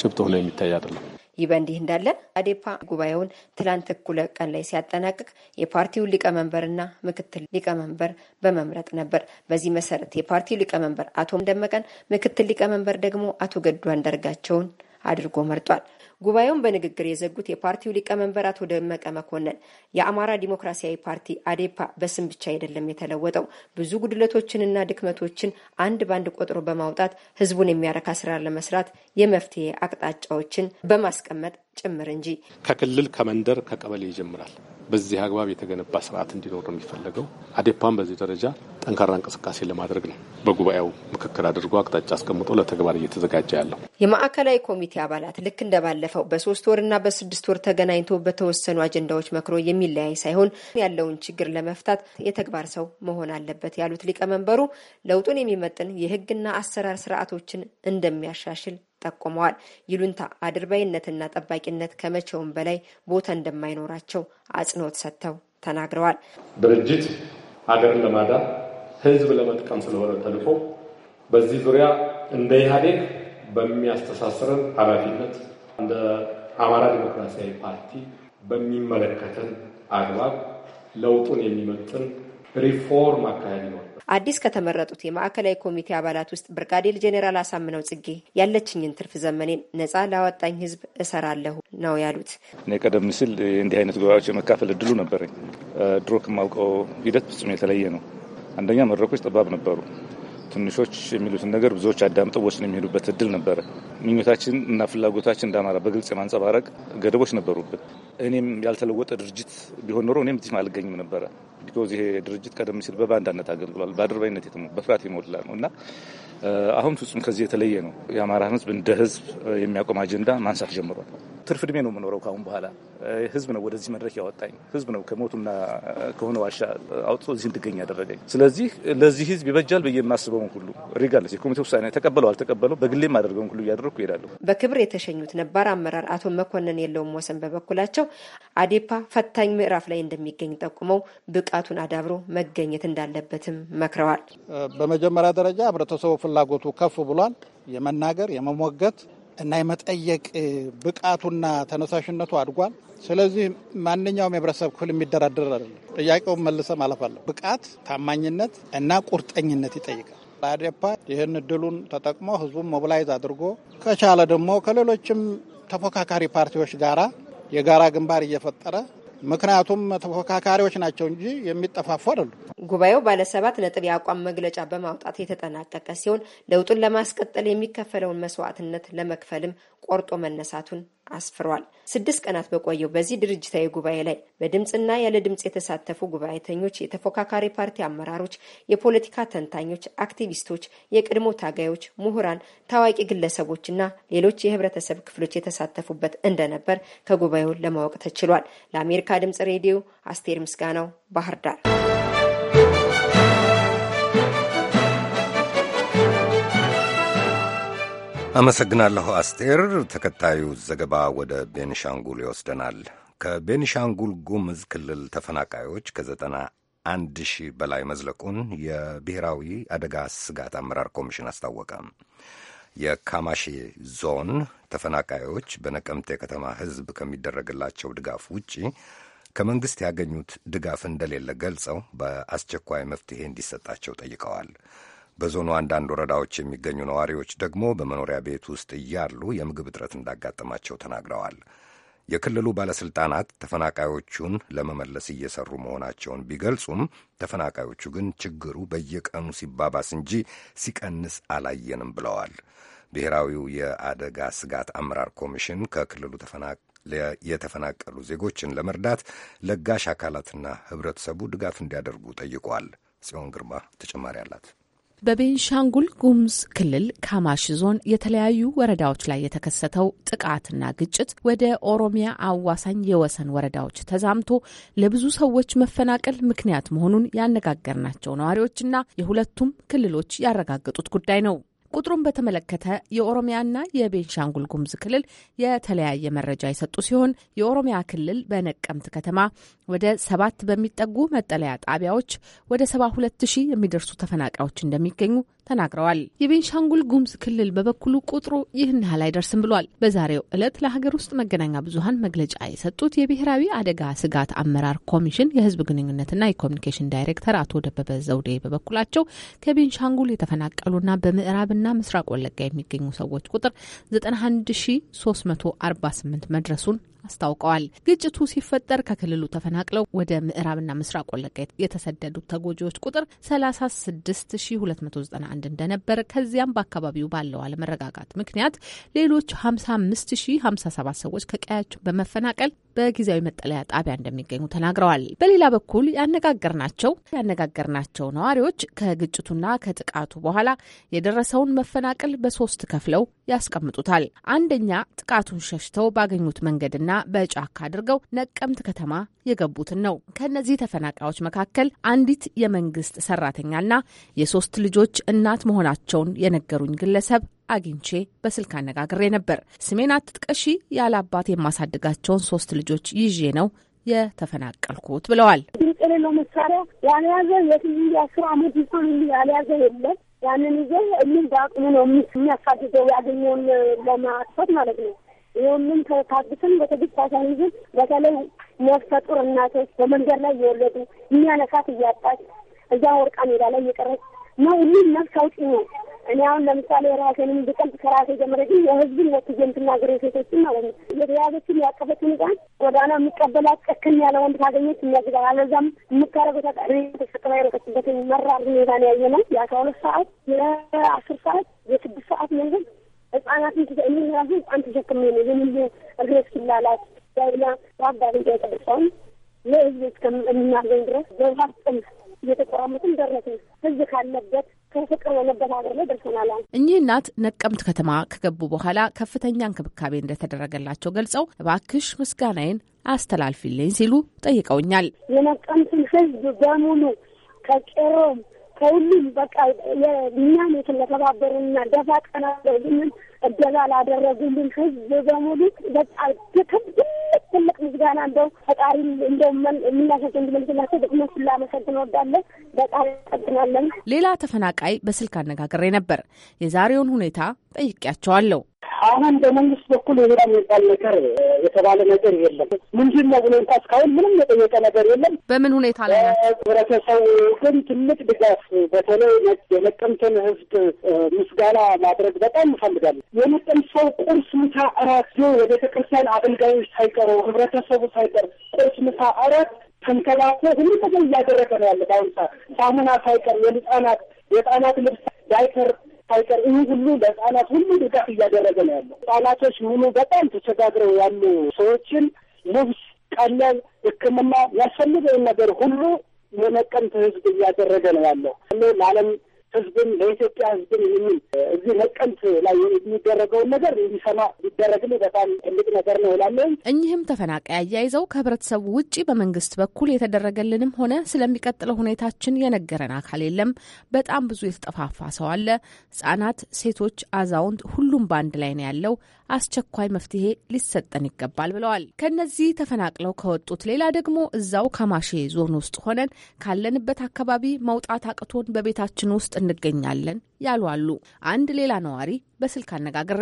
ጭብጥ ሆነ የሚታይ አይደለም። ይህ በእንዲህ እንዳለ አዴፓ ጉባኤውን ትላንት እኩለ ቀን ላይ ሲያጠናቅቅ የፓርቲው ሊቀመንበርና ምክትል ሊቀመንበር በመምረጥ ነበር። በዚህ መሰረት የፓርቲው ሊቀመንበር አቶ ደመቀን፣ ምክትል ሊቀመንበር ደግሞ አቶ ገዱ አንዳርጋቸውን አድርጎ መርጧል። ጉባኤውን በንግግር የዘጉት የፓርቲው ሊቀመንበር አቶ ደመቀ መኮንን የአማራ ዲሞክራሲያዊ ፓርቲ አዴፓ በስም ብቻ አይደለም የተለወጠው፣ ብዙ ጉድለቶችንና ድክመቶችን አንድ ባንድ ቆጥሮ በማውጣት ህዝቡን የሚያረካ ስራ ለመስራት የመፍትሄ አቅጣጫዎችን በማስቀመጥ ጭምር እንጂ ከክልል ከመንደር ከቀበሌ ይጀምራል። በዚህ አግባብ የተገነባ ስርዓት እንዲኖር ነው የሚፈለገው። አዴፓም በዚህ ደረጃ ጠንካራ እንቅስቃሴ ለማድረግ ነው በጉባኤው ምክክር አድርጎ አቅጣጫ አስቀምጦ ለተግባር እየተዘጋጀ ያለው። የማዕከላዊ ኮሚቴ አባላት ልክ እንደባለፈው በሶስት ወርና በስድስት ወር ተገናኝቶ በተወሰኑ አጀንዳዎች መክሮ የሚለያይ ሳይሆን ያለውን ችግር ለመፍታት የተግባር ሰው መሆን አለበት ያሉት ሊቀመንበሩ ለውጡን የሚመጥን የህግና አሰራር ስርዓቶችን እንደሚያሻሽል ጠቁመዋል። ይሉንታ አድርባይነትና ጠባቂነት ከመቼውም በላይ ቦታ እንደማይኖራቸው አጽንኦት ሰጥተው ተናግረዋል። ድርጅት ሀገርን ለማዳን ህዝብ ለመጥቀም ስለሆነ ተልፎ በዚህ ዙሪያ እንደ ኢህአዴግ በሚያስተሳስረን ኃላፊነት እንደ አማራ ዲሞክራሲያዊ ፓርቲ በሚመለከተን አግባብ ለውጡን የሚመጥን ሪፎርም አካሄድ ይኖራል። አዲስ ከተመረጡት የማዕከላዊ ኮሚቴ አባላት ውስጥ ብርጋዴር ጄኔራል አሳምነው ጽጌ ያለችኝን ትርፍ ዘመኔን ነፃ ላወጣኝ ህዝብ እሰራለሁ ነው ያሉት። እኔ ቀደም ሲል እንዲህ አይነት ጉባኤዎች የመካፈል እድሉ ነበረኝ። ድሮ ከማውቀው ሂደት ፍጹም የተለየ ነው። አንደኛ መድረኮች ጠባብ ነበሩ። ትንሾች የሚሉትን ነገር ብዙዎች አዳምጠው ወስን የሚሄዱበት እድል ነበረ። ምኞታችን እና ፍላጎታችን እንዳማራ በግልጽ የማንጸባረቅ ገደቦች ነበሩብን። እኔም ያልተለወጠ ድርጅት ቢሆን ኖሮ እኔም እዚህ አልገኝም ነበረ። ቢኮዝ ይሄ ድርጅት ቀደም ሲል በባንዳነት አገልግሏል። በአድርባይነት የተሞ በፍርሃት የሞላ ነው እና አሁን ፍጹም ከዚህ የተለየ ነው። የአማራ ህዝብ እንደ ህዝብ የሚያቆም አጀንዳ ማንሳት ጀምሯል። ትርፍ እድሜ ነው የምኖረው ከአሁን በኋላ። ህዝብ ነው ወደዚህ መድረክ ያወጣኝ። ህዝብ ነው ከሞቱና ከሆነ ዋሻ አውጥቶ እዚህ እንድገኝ ያደረገኝ። ስለዚህ ለዚህ ህዝብ ይበጃል ብዬ የማስበውን ሁሉ ሪጋለስ የኮሚቴ ውሳኔ ተቀበለው አልተቀበለው በግሌ ማደርገውን ሁሉ እያደረግኩ ይሄዳለሁ። በክብር የተሸኙት ነባር አመራር አቶ መኮንን የለውም ወሰን በበኩላቸው አዴፓ ፈታኝ ምዕራፍ ላይ እንደሚገኝ ጠቁመው ብቃቱን አዳብሮ መገኘት እንዳለበትም መክረዋል። በመጀመሪያ ደረጃ ህብረተሰቡ ፍላጎቱ ከፍ ብሏል። የመናገር የመሞገት እና የመጠየቅ ብቃቱና ተነሳሽነቱ አድጓል። ስለዚህ ማንኛውም የህብረተሰብ ክፍል የሚደራደር አይደለም። ጥያቄውን መልሰ ማለፍ አለ። ብቃት፣ ታማኝነት እና ቁርጠኝነት ይጠይቃል። አዴፓ ይህን እድሉን ተጠቅሞ ህዝቡን ሞብላይዝ አድርጎ ከቻለ ደግሞ ከሌሎችም ተፎካካሪ ፓርቲዎች ጋራ የጋራ ግንባር እየፈጠረ ምክንያቱም ተፎካካሪዎች ናቸው እንጂ የሚጠፋፉ አይደሉም። ጉባኤው ባለሰባት ነጥብ የአቋም መግለጫ በማውጣት የተጠናቀቀ ሲሆን ለውጡን ለማስቀጠል የሚከፈለውን መስዋዕትነት ለመክፈልም ቆርጦ መነሳቱን አስፍሯል። ስድስት ቀናት በቆየው በዚህ ድርጅታዊ ጉባኤ ላይ በድምፅና ያለ ድምፅ የተሳተፉ ጉባኤተኞች፣ የተፎካካሪ ፓርቲ አመራሮች፣ የፖለቲካ ተንታኞች፣ አክቲቪስቶች፣ የቅድሞ ታጋዮች፣ ምሁራን፣ ታዋቂ ግለሰቦች እና ሌሎች የህብረተሰብ ክፍሎች የተሳተፉበት እንደነበር ከጉባኤው ለማወቅ ተችሏል። ለአሜሪካ ድምፅ ሬዲዮ አስቴር ምስጋናው ባህር ዳር አመሰግናለሁ አስቴር። ተከታዩ ዘገባ ወደ ቤንሻንጉል ይወስደናል። ከቤንሻንጉል ጉምዝ ክልል ተፈናቃዮች ከዘጠና አንድ ሺህ በላይ መዝለቁን የብሔራዊ አደጋ ስጋት አመራር ኮሚሽን አስታወቀ። የካማሺ ዞን ተፈናቃዮች በነቀምቴ ከተማ ሕዝብ ከሚደረግላቸው ድጋፍ ውጪ ከመንግሥት ያገኙት ድጋፍ እንደሌለ ገልጸው በአስቸኳይ መፍትሄ እንዲሰጣቸው ጠይቀዋል። በዞኑ አንዳንድ ወረዳዎች የሚገኙ ነዋሪዎች ደግሞ በመኖሪያ ቤት ውስጥ እያሉ የምግብ እጥረት እንዳጋጠማቸው ተናግረዋል። የክልሉ ባለሥልጣናት ተፈናቃዮቹን ለመመለስ እየሰሩ መሆናቸውን ቢገልጹም ተፈናቃዮቹ ግን ችግሩ በየቀኑ ሲባባስ እንጂ ሲቀንስ አላየንም ብለዋል። ብሔራዊው የአደጋ ስጋት አመራር ኮሚሽን ከክልሉ የተፈናቀሉ ዜጎችን ለመርዳት ለጋሽ አካላትና ሕብረተሰቡ ድጋፍ እንዲያደርጉ ጠይቋል። ጽዮን ግርማ ተጨማሪ አላት። በቤንሻንጉል ጉሙዝ ክልል ካማሽ ዞን የተለያዩ ወረዳዎች ላይ የተከሰተው ጥቃትና ግጭት ወደ ኦሮሚያ አዋሳኝ የወሰን ወረዳዎች ተዛምቶ ለብዙ ሰዎች መፈናቀል ምክንያት መሆኑን ያነጋገርናቸው ነዋሪዎችና የሁለቱም ክልሎች ያረጋገጡት ጉዳይ ነው። ቁጥሩን በተመለከተ የኦሮሚያና የቤንሻንጉል ጉሙዝ ክልል የተለያየ መረጃ የሰጡ ሲሆን የኦሮሚያ ክልል በነቀምት ከተማ ወደ ሰባት በሚጠጉ መጠለያ ጣቢያዎች ወደ ሰባ ሁለት ሺህ የሚደርሱ ተፈናቃዮች እንደሚገኙ ተናግረዋል። የቤንሻንጉል ጉምዝ ክልል በበኩሉ ቁጥሩ ይህን ያህል አይደርስም ብሏል። በዛሬው ዕለት ለሀገር ውስጥ መገናኛ ብዙኃን መግለጫ የሰጡት የብሔራዊ አደጋ ስጋት አመራር ኮሚሽን የህዝብ ግንኙነትና የኮሚኒኬሽን ዳይሬክተር አቶ ደበበ ዘውዴ በበኩላቸው ከቤንሻንጉል የተፈናቀሉና በምዕራብና ምስራቅ ወለጋ የሚገኙ ሰዎች ቁጥር 91348 መድረሱን አስታውቀዋል። ግጭቱ ሲፈጠር ከክልሉ ተፈናቅለው ወደ ምዕራብና ምስራቅ ወለጋ የተሰደዱት ተጎጂዎች ቁጥር 36291 እንደነበር ከዚያም በአካባቢው ባለው አለመረጋጋት ምክንያት ሌሎች 55057 ሰዎች ከቀያቸው በመፈናቀል በጊዜያዊ መጠለያ ጣቢያ እንደሚገኙ ተናግረዋል። በሌላ በኩል ያነጋገርናቸው ያነጋገርናቸው ነዋሪዎች ከግጭቱና ከጥቃቱ በኋላ የደረሰውን መፈናቀል በሶስት ከፍለው ያስቀምጡታል። አንደኛ ጥቃቱን ሸሽተው ባገኙት መንገድና በጫካ አድርገው ነቀምት ከተማ የገቡትን ነው። ከእነዚህ ተፈናቃዮች መካከል አንዲት የመንግስት ሰራተኛና የሶስት ልጆች እናት መሆናቸውን የነገሩኝ ግለሰብ አግኝቼ በስልክ አነጋግሬ ነበር። ስሜን አትጥቀሺ ያለ አባት የማሳድጋቸውን ሶስት ልጆች ይዤ ነው የተፈናቀልኩት ብለዋል። ድምፅ የሌለው መሳሪያ ያልያዘ የትንያ አስር አመት እንኳን ያልያዘ የለም። ያንን ይዘ እምን በአቅሙ ነው የሚያሳድገው ያገኘውን ለማጥፋት ማለት ነው። ይህንን ታግስን በትዕግስት አሳይዝን በተለይ የሚያፈጡር እናቶች በመንገድ ላይ እየወለዱ የሚያነሳት እያጣች እዛ ወርቃ ሜዳ ላይ እየቀረች ነው። ሁሉም ነፍስ አውጪ ነው። እኔ አሁን ለምሳሌ ራሴንም ብቀልጥ ከራሴ ጀምረ ግን የህዝብን ወክዬ የምትናገር ሴቶችን ማለት ነው የተያዘችን ያቀፈችን ህጻን ወዳና የሚቀበላት ጨክን ያለ ወንድ ካገኘች የሚያግዛል አለዛም የምታደረገ ታጣሪ ተሸክማ የሮቀችበትን መራር ሁኔታ ነው ያየ ነው። የአስራ ሁለት ሰዓት የአስር ሰዓት የስድስት ሰዓት መንገድ ህጻናትን እኔ ራሱ ህጻን ተሸክሜ ነው ይህን ሁሉ እግሮች ሲላላት ዳይላ ዋጋ ብያ ለህዝብ እስከምናገኝ ድረስ በውሀ ጥም እየተቆራመትን ደረስን። ህዝብ ካለበት እኚህ እናት ነቀምት ከተማ ከገቡ በኋላ ከፍተኛ እንክብካቤ እንደተደረገላቸው ገልጸው እባክሽ ምስጋናዬን አስተላልፊልኝ ሲሉ ጠይቀውኛል። የነቀምትን ህዝብ በሙሉ ከቄሮም ከሁሉም በቃ እኛን ስለተባበሩና ደፋ ቀና እገዛ ላደረጉልን ህዝብ በሙሉ በጣም ትልቅ ትልቅ ምስጋና እንደው ፈጣሪ እንደው የምናሸቸው እንዲመልስላቸው ደግሞ ሁላ መሰግን ወዳለን በጣም ያመሰግናለን። ሌላ ተፈናቃይ በስልክ አነጋግሬ ነበር። የዛሬውን ሁኔታ ጠይቄያቸዋለሁ። አሁን በመንግስት በኩል የሌላ የሚባል ነገር የተባለ ነገር የለም። ምንድን ነው ብሎ እንኳ እስካሁን ምንም የጠየቀ ነገር የለም። በምን ሁኔታ ላይ ህብረተሰቡ ግን ትልቅ ድጋፍ በተለይ የነቀምትን ህዝብ ምስጋና ማድረግ በጣም እፈልጋለሁ። የነቀምት ሰው ቁርስ፣ ምሳ፣ እራት የቤተ ክርስቲያን አገልጋዮች ሳይቀሩ ህብረተሰቡ ሳይቀር ቁርስ፣ ምሳ፣ እራት ተንከባክቦ ሁሉ ነገር እያደረገ ነው ያለ። በአሁኑ ሰዓት ሳሙና ሳይቀር የህጻናት የህጻናት ልብስ ዳይፐር ሳይቀር ይህ ሁሉ ለህጻናት ሁሉ ድጋፍ እያደረገ ነው ያለው። ህጻናቶች ምኑ በጣም ተቸጋግረው ያሉ ሰዎችን ልብስ፣ ቀለብ፣ ሕክምና ያስፈልገውን ነገር ሁሉ የነቀምት ህዝብ እያደረገ ነው ያለው። ለዓለም ህዝብን ለኢትዮጵያ ህዝብን የሚል እዚህ መቀልት ላይ የሚደረገውን ነገር እንዲሰማ ቢደረግል በጣም ትልቅ ነገር ነው እላለሁ። እኚህም ተፈናቃይ አያይዘው ከህብረተሰቡ ውጭ በመንግስት በኩል የተደረገልንም ሆነ ስለሚቀጥለው ሁኔታችን የነገረን አካል የለም። በጣም ብዙ የተጠፋፋ ሰው አለ። ህጻናት፣ ሴቶች፣ አዛውንት ሁሉም በአንድ ላይ ነው ያለው። አስቸኳይ መፍትሄ ሊሰጠን ይገባል ብለዋል። ከነዚህ ተፈናቅለው ከወጡት ሌላ ደግሞ እዛው ከማሼ ዞን ውስጥ ሆነን ካለንበት አካባቢ መውጣት አቅቶን በቤታችን ውስጥ እንገኛለን ያሉ አሉ። አንድ ሌላ ነዋሪ በስልክ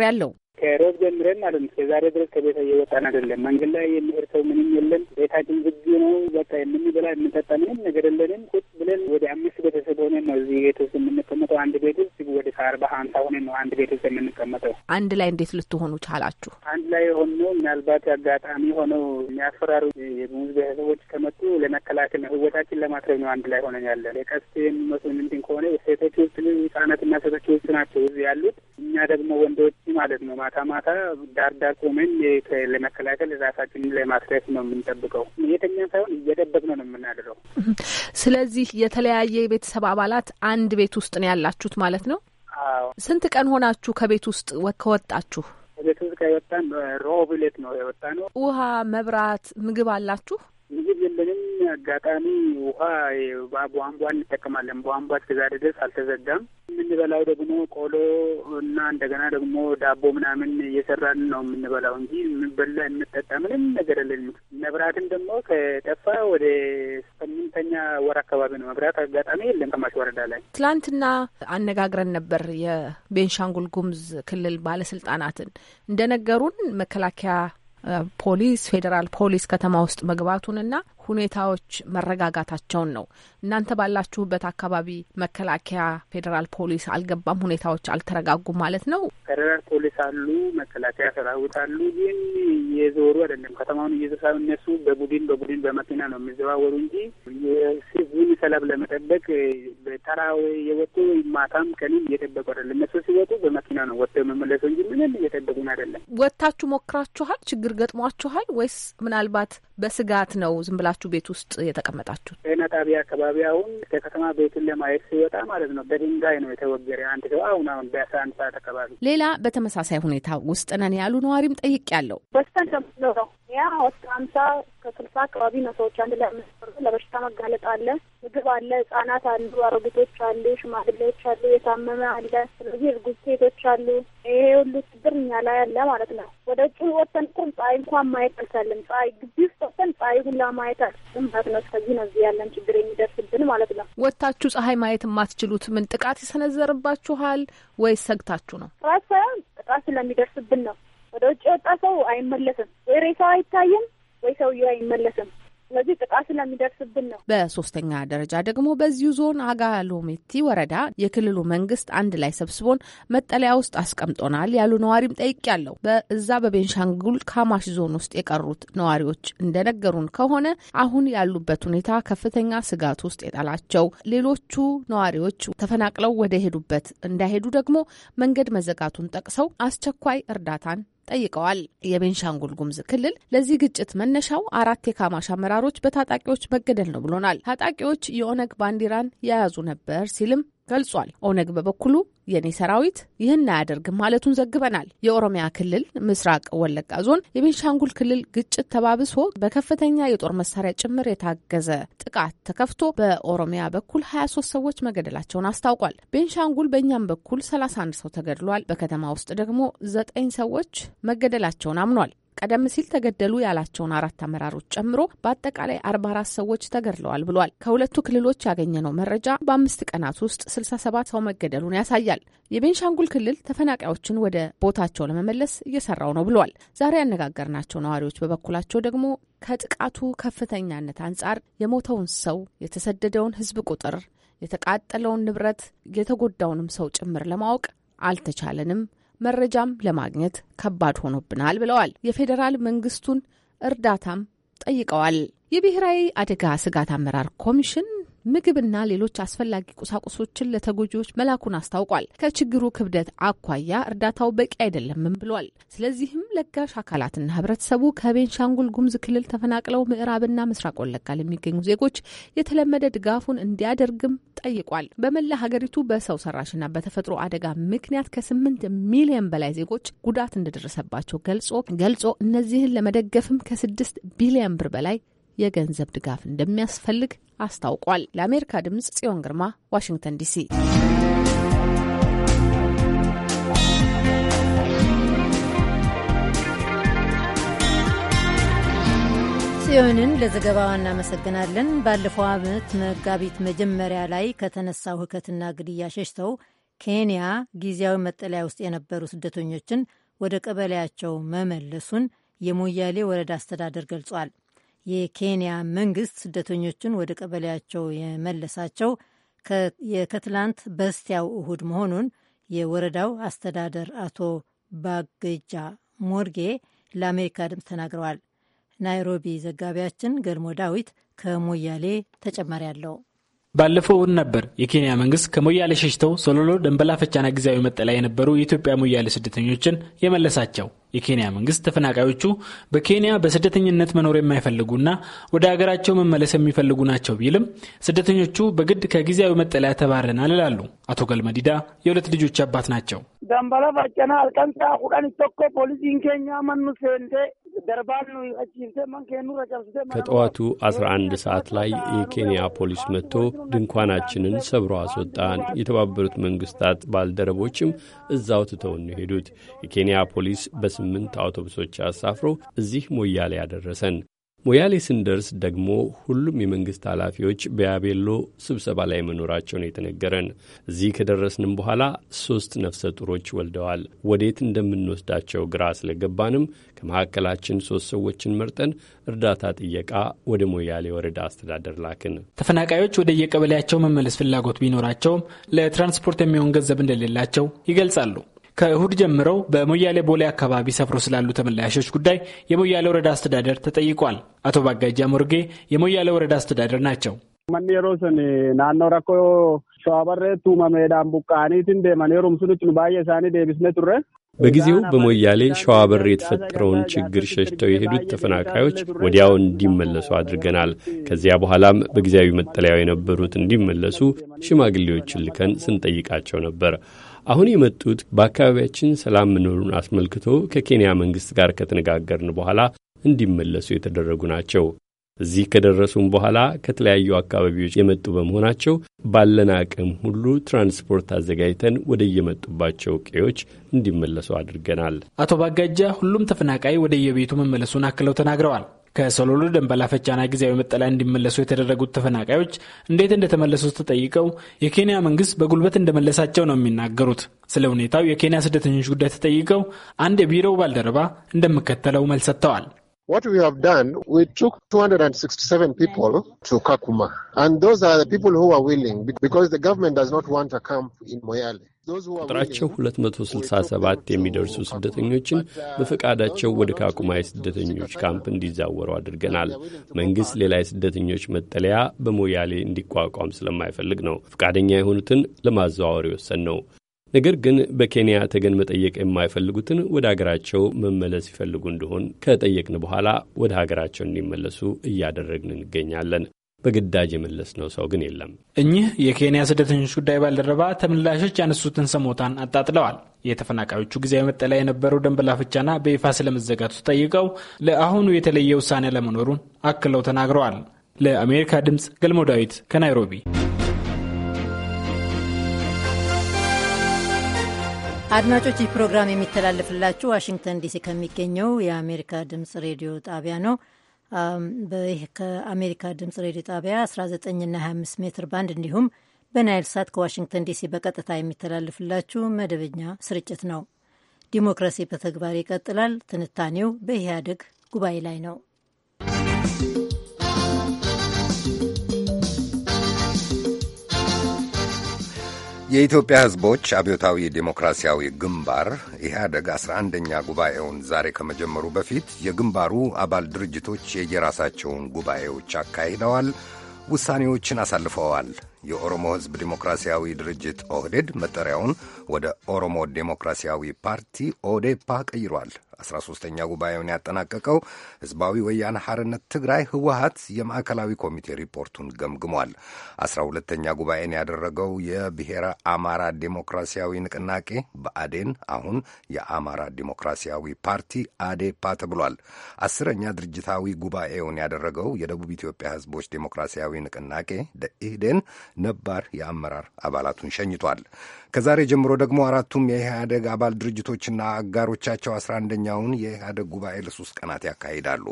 ያለው። ከሮብ ጀምረን ማለት ነው እስከዛሬ ድረስ ከቤት እየወጣን አይደለም። መንገድ ላይ የሚሄድ ሰው ምንም የለም። ቤታችን ዝግ ነው። በቃ የምንበላ የምንጠጣ ምንም ነገር የለንም። ቁጭ ብለን ወደ አምስት ቤተሰብ ሆነ ነው እዚህ ቤት ውስጥ የምንቀመጠው። አንድ ቤት ውስጥ ወደ ከአርባ ሀምሳ ሆነ ነው አንድ ቤት ውስጥ የምንቀመጠው። አንድ ላይ እንዴት ልትሆኑ ቻላችሁ? አንድ ላይ የሆነው ምናልባት አጋጣሚ ሆነው የሚያስፈራሩ የሙዝ ቤተሰቦች ከመጡ ለመከላከል ነው፣ ህይወታችን ለማትረፍ ነው። አንድ ላይ ሆነን ያለን የቀስ የሚመስሉ ምንድን ከሆነ ሴቶች ውስጥ ህጻናትና ሴቶች ውስጥ ናቸው እዚህ ያሉት እኛ ደግሞ ወንዶች ማለት ነው ማታ ማታ ዳር ዳር ቆመን ለመከላከል ራሳችን ለማስረት ነው የምንጠብቀው። የተኛን ሳይሆን እየደበቅ ነው የምናድረው። *laughs* ስለዚህ የተለያየ የቤተሰብ አባላት አንድ ቤት ውስጥ ነው ያላችሁት ማለት ነው? አዎ። ስንት ቀን ሆናችሁ ከቤት ውስጥ ከወጣችሁ? ከቤት ውስጥ ከወጣን ሮብ ዕለት ነው የወጣ ነው። ውሃ፣ መብራት፣ ምግብ አላችሁ? ምግብ የለንም። አጋጣሚ ውሃ ቧንቧ እንጠቀማለን። ቧንቧ እስከዛሬ ድረስ አልተዘጋም። የምንበላው ደግሞ ቆሎ እና እንደገና ደግሞ ዳቦ ምናምን እየሰራን ነው የምንበላው እንጂ የምንበላ የምንጠጣ ምንም ነገር የለንም። መብራትም ደግሞ ከጠፋ ወደ ስምንተኛ ወር አካባቢ ነው። መብራት አጋጣሚ የለም ከማሽ ወረዳ ላይ። ትላንትና አነጋግረን ነበር የቤንሻንጉል ጉሙዝ ክልል ባለስልጣናትን እንደነገሩን መከላከያ ፖሊስ ፌዴራል ፖሊስ ከተማ ውስጥ መግባቱንና ሁኔታዎች መረጋጋታቸውን ነው። እናንተ ባላችሁበት አካባቢ መከላከያ፣ ፌዴራል ፖሊስ አልገባም፣ ሁኔታዎች አልተረጋጉም ማለት ነው። ፌዴራል ፖሊስ አሉ፣ መከላከያ ሰራዊት አሉ። ግን እየዞሩ አይደለም ከተማውን እየዞሩ ሳይሆን እነሱ በቡድን በቡድን በመኪና ነው የሚዘዋወሩ እንጂ የህዝቡን ሰላም ለመጠበቅ በተራ የወጡ ማታም ከንም እየጠበቁ አይደለም። እነሱ ሲወጡ በመኪና ነው ወጥተው የመመለሰው እንጂ ምንም እየጠበቁን አይደለም። ወጥታችሁ ሞክራችኋል? ችግር ገጥሟችኋል? ወይስ ምናልባት በስጋት ነው ዝም ብላ ነበራችሁ ቤት ውስጥ የተቀመጣችሁ? ጤና ጣቢያ አካባቢ አሁን ከከተማ ቤቱን ለማየት ሲወጣ ማለት ነው በድንጋይ ነው የተወገረ አንድ ሰው አሁን አሁን በአስራ አንድ ሰዓት አካባቢ። ሌላ በተመሳሳይ ሁኔታ ውስጥ ነን ያሉ ነዋሪም ጠይቅ ያለው በስተን ጠይቄያለሁ። ያ እስከ ሀምሳ እስከ አካባቢ ነው ሰዎች አንድ ላይ የምንኖሩ። ለበሽታ መጋለጥ አለ፣ ምግብ አለ፣ ህጻናት አሉ፣ አሮጊቶች አሉ፣ ሽማግሌዎች አሉ፣ የታመመ አለ። ስለዚህ እርጉዝ ሴቶች አሉ። ይሄ ሁሉ ችግር እኛ ላይ አለ ማለት ነው። ወደ ውጭ ወጥተን እኮ ፀሐይ እንኳን ማየት አልቻለም። ፀሐይ ግቢ ውስጥ ወጥተን ፀሐይ ሁላ ማየት አልችልም ማለት ነው። እስከዚህ ነው እዚህ ያለን ችግር የሚደርስብን ማለት ነው። ወጥታችሁ ፀሐይ ማየት የማትችሉት ምን ጥቃት ይሰነዘርባችኋል ወይስ ሰግታችሁ ነው? ጥቃት ሳይሆን ጥቃት ስለሚደርስብን ነው ወደ ውጭ የወጣ ሰው አይመለስም። ወይ ሬሳው አይታይም፣ ወይ ሰውየው አይመለስም። ስለዚህ ጥቃት ስለሚደርስብን ነው። በሶስተኛ ደረጃ ደግሞ በዚሁ ዞን አጋሎሜቲ ወረዳ የክልሉ መንግስት አንድ ላይ ሰብስቦን መጠለያ ውስጥ አስቀምጦናል ያሉ ነዋሪም ያለው። በእዛ በቤንሻንጉል ካማሽ ዞን ውስጥ የቀሩት ነዋሪዎች እንደነገሩን ከሆነ አሁን ያሉበት ሁኔታ ከፍተኛ ስጋት ውስጥ የጣላቸው፣ ሌሎቹ ነዋሪዎች ተፈናቅለው ወደ ሄዱበት እንዳይሄዱ ደግሞ መንገድ መዘጋቱን ጠቅሰው አስቸኳይ እርዳታን ጠይቀዋል። የቤንሻንጉል ጉሙዝ ክልል ለዚህ ግጭት መነሻው አራት የካማሽ አመራሮች በታጣቂዎች መገደል ነው ብሎናል። ታጣቂዎች የኦነግ ባንዲራን የያዙ ነበር ሲልም ገልጿል። ኦነግ በበኩሉ የኔ ሰራዊት ይህን አያደርግም ማለቱን ዘግበናል። የኦሮሚያ ክልል ምስራቅ ወለጋ ዞን የቤንሻንጉል ክልል ግጭት ተባብሶ በከፍተኛ የጦር መሳሪያ ጭምር የታገዘ ጥቃት ተከፍቶ በኦሮሚያ በኩል 23 ሰዎች መገደላቸውን አስታውቋል። ቤንሻንጉል በእኛም በኩል 31 ሰው ተገድሏል። በከተማ ውስጥ ደግሞ ዘጠኝ ሰዎች መገደላቸውን አምኗል። ቀደም ሲል ተገደሉ ያላቸውን አራት አመራሮች ጨምሮ በአጠቃላይ አርባ አራት ሰዎች ተገድለዋል ብሏል። ከሁለቱ ክልሎች ያገኘነው መረጃ በአምስት ቀናት ውስጥ ስልሳ ሰባት ሰው መገደሉን ያሳያል። የቤንሻንጉል ክልል ተፈናቃዮችን ወደ ቦታቸው ለመመለስ እየሰራው ነው ብሏል። ዛሬ ያነጋገርናቸው ነዋሪዎች በበኩላቸው ደግሞ ከጥቃቱ ከፍተኛነት አንጻር የሞተውን ሰው፣ የተሰደደውን ህዝብ ቁጥር፣ የተቃጠለውን ንብረት፣ የተጎዳውንም ሰው ጭምር ለማወቅ አልተቻለንም መረጃም ለማግኘት ከባድ ሆኖብናል ብለዋል። የፌዴራል መንግስቱን እርዳታም ጠይቀዋል። የብሔራዊ አደጋ ስጋት አመራር ኮሚሽን ምግብና ሌሎች አስፈላጊ ቁሳቁሶችን ለተጎጂዎች መላኩን አስታውቋል። ከችግሩ ክብደት አኳያ እርዳታው በቂ አይደለምም ብሏል። ስለዚህም ለጋሽ አካላትና ህብረተሰቡ ከቤንሻንጉል ጉምዝ ክልል ተፈናቅለው ምዕራብና ምስራቅ ወለጋ ለሚገኙ ዜጎች የተለመደ ድጋፉን እንዲያደርግም ጠይቋል። በመላ ሀገሪቱ በሰው ሰራሽና በተፈጥሮ አደጋ ምክንያት ከስምንት ሚሊዮን በላይ ዜጎች ጉዳት እንደደረሰባቸው ገልጾ ገልጾ እነዚህን ለመደገፍም ከስድስት ቢሊዮን ብር በላይ የገንዘብ ድጋፍ እንደሚያስፈልግ አስታውቋል። ለአሜሪካ ድምጽ ጽዮን ግርማ ዋሽንግተን ዲሲ። ጽዮንን ለዘገባዋ እናመሰግናለን። ባለፈው ዓመት መጋቢት መጀመሪያ ላይ ከተነሳው ሁከትና ግድያ ሸሽተው ኬንያ ጊዜያዊ መጠለያ ውስጥ የነበሩ ስደተኞችን ወደ ቀበሌያቸው መመለሱን የሞያሌ ወረዳ አስተዳደር ገልጿል። የኬንያ መንግስት ስደተኞችን ወደ ቀበሌያቸው የመለሳቸው የከትላንት በስቲያው እሁድ መሆኑን የወረዳው አስተዳደር አቶ ባገጃ ሞርጌ ለአሜሪካ ድምፅ ተናግረዋል። ናይሮቢ ዘጋቢያችን ገልሞ ዳዊት ከሞያሌ ተጨማሪ አለው። ባለፈው እውን ነበር የኬንያ መንግስት ከሞያሌ ሸሽተው ሶሎሎ ደንበላ ፈቻና ጊዜያዊ መጠለያ የነበሩ የኢትዮጵያ ሞያሌ ስደተኞችን የመለሳቸው። የኬንያ መንግስት ተፈናቃዮቹ በኬንያ በስደተኝነት መኖር የማይፈልጉና ወደ አገራቸው መመለስ የሚፈልጉ ናቸው ቢልም ስደተኞቹ በግድ ከጊዜያዊ መጠለያ ተባረናል ይላሉ። አቶ ገልመዲዳ የሁለት ልጆች አባት ናቸው። ደንበላ ፈጨና አልቀንሳ ሁዳን ቶኮ ፖሊስ ኬንያ መኑ ሴንቴ ከጠዋቱ 11 ሰዓት ላይ የኬንያ ፖሊስ መጥቶ ድንኳናችንን ሰብሮ አስወጣን። የተባበሩት መንግስታት ባልደረቦችም እዛው ትተውን ሄዱት። የኬንያ ፖሊስ በስምንት አውቶቡሶች አሳፍሮ እዚህ ሞያሌ አደረሰን። ሞያሌ ስንደርስ ደግሞ ሁሉም የመንግሥት ኃላፊዎች በያቤሎ ስብሰባ ላይ መኖራቸውን የተነገረን። እዚህ ከደረስንም በኋላ ሦስት ነፍሰ ጡሮች ወልደዋል። ወዴት እንደምንወስዳቸው ግራ ስለገባንም ከመካከላችን ሶስት ሰዎችን መርጠን እርዳታ ጥየቃ ወደ ሞያሌ ወረዳ አስተዳደር ላክን። ተፈናቃዮች ወደ የቀበሌያቸው መመለስ ፍላጎት ቢኖራቸውም ለትራንስፖርት የሚሆን ገንዘብ እንደሌላቸው ይገልጻሉ። ከእሁድ ጀምረው በሞያሌ ቦሌ አካባቢ ሰፍሮ ስላሉ ተመላሾች ጉዳይ የሞያሌ ወረዳ አስተዳደር ተጠይቋል። አቶ ባጋጃ ሞርጌ የሞያሌ ወረዳ አስተዳደር ናቸው። መኒ የሮሰን ናኖ ረኮ ሸዋበሬ ቱመሜዳን ቡቃኒትን ደመኔሩም ስኑችን ባየ ሳኒ ደቢስነ ቱረ በጊዜው በሞያሌ ሸዋበር የተፈጠረውን ችግር ሸሽተው የሄዱት ተፈናቃዮች ወዲያው እንዲመለሱ አድርገናል። ከዚያ በኋላም በጊዜያዊ መጠለያው የነበሩት እንዲመለሱ ሽማግሌዎችን ልከን ስንጠይቃቸው ነበር። አሁን የመጡት በአካባቢያችን ሰላም መኖሩን አስመልክቶ ከኬንያ መንግሥት ጋር ከተነጋገርን በኋላ እንዲመለሱ የተደረጉ ናቸው። እዚህ ከደረሱም በኋላ ከተለያዩ አካባቢዎች የመጡ በመሆናቸው ባለን አቅም ሁሉ ትራንስፖርት አዘጋጅተን ወደ የመጡባቸው ቀዬዎች እንዲመለሱ አድርገናል። አቶ ባጋጃ ሁሉም ተፈናቃይ ወደ የቤቱ መመለሱን አክለው ተናግረዋል። ከሰሎሎ ደንበላ ፈጫና ጊዜያዊ መጠለያ እንዲመለሱ የተደረጉት ተፈናቃዮች እንዴት እንደተመለሱ ተጠይቀው የኬንያ መንግስት በጉልበት እንደመለሳቸው ነው የሚናገሩት። ስለ ሁኔታው የኬንያ ስደተኞች ጉዳይ ተጠይቀው አንድ የቢሮው ባልደረባ እንደሚከተለው መልስ ሰጥተዋል። What we have done, we took 267 people to Kakuma. And those are the people who are willing because the government does not want a camp in Moyale. ቁጥራቸው 267 የሚደርሱ ስደተኞችን በፈቃዳቸው ወደ ካቁማ የስደተኞች ካምፕ እንዲዛወሩ አድርገናል። መንግሥት ሌላ የስደተኞች መጠለያ በሞያሌ እንዲቋቋም ስለማይፈልግ ነው ፈቃደኛ የሆኑትን ለማዘዋወር የወሰን ነው። ነገር ግን በኬንያ ተገን መጠየቅ የማይፈልጉትን ወደ ሀገራቸው መመለስ ይፈልጉ እንደሆን ከጠየቅን በኋላ ወደ ሀገራቸው እንዲመለሱ እያደረግን እንገኛለን። በግዳጅ የመለስ ነው ሰው ግን የለም። እኚህ የኬንያ ስደተኞች ጉዳይ ባልደረባ ተመላሾች ያነሱትን ሰሞታን አጣጥለዋል። የተፈናቃዮቹ ጊዜያዊ መጠለያ የነበረው ደንበላ ፍቻና በይፋ ስለመዘጋቱ ጠይቀው ለአሁኑ የተለየ ውሳኔ ለመኖሩን አክለው ተናግረዋል። ለአሜሪካ ድምፅ ገልሞ ዳዊት ከናይሮቢ አድማጮች ይህ ፕሮግራም የሚተላለፍላችሁ ዋሽንግተን ዲሲ ከሚገኘው የአሜሪካ ድምጽ ሬዲዮ ጣቢያ ነው። ይህ ከአሜሪካ ድምጽ ሬዲዮ ጣቢያ 19ና 25 ሜትር ባንድ እንዲሁም በናይል ሳት ከዋሽንግተን ዲሲ በቀጥታ የሚተላልፍላችሁ መደበኛ ስርጭት ነው። ዲሞክራሲ በተግባር ይቀጥላል። ትንታኔው በኢህአዴግ ጉባኤ ላይ ነው። የኢትዮጵያ ሕዝቦች አብዮታዊ ዴሞክራሲያዊ ግንባር ኢህአደግ አስራ አንደኛ ጉባኤውን ዛሬ ከመጀመሩ በፊት የግንባሩ አባል ድርጅቶች የየራሳቸውን ጉባኤዎች አካሂደዋል፣ ውሳኔዎችን አሳልፈዋል። የኦሮሞ ሕዝብ ዲሞክራሲያዊ ድርጅት ኦህዴድ መጠሪያውን ወደ ኦሮሞ ዴሞክራሲያዊ ፓርቲ ኦዴፓ ቀይሯል። 13ኛ ጉባኤውን ያጠናቀቀው ህዝባዊ ወያነ ሐርነት ትግራይ ህወሀት የማዕከላዊ ኮሚቴ ሪፖርቱን ገምግሟል። 12ተኛ ጉባኤን ያደረገው የብሔረ አማራ ዴሞክራሲያዊ ንቅናቄ በአዴን አሁን የአማራ ዴሞክራሲያዊ ፓርቲ አዴፓ ተብሏል። አስረኛ ድርጅታዊ ጉባኤውን ያደረገው የደቡብ ኢትዮጵያ ህዝቦች ዴሞክራሲያዊ ንቅናቄ ደኢህዴን ነባር የአመራር አባላቱን ሸኝቷል። ከዛሬ ጀምሮ ደግሞ አራቱም የኢህአደግ አባል ድርጅቶችና አጋሮቻቸው አስራ አንደኛውን የኢህአደግ ጉባኤ ለሶስት ቀናት ያካሂዳሉ።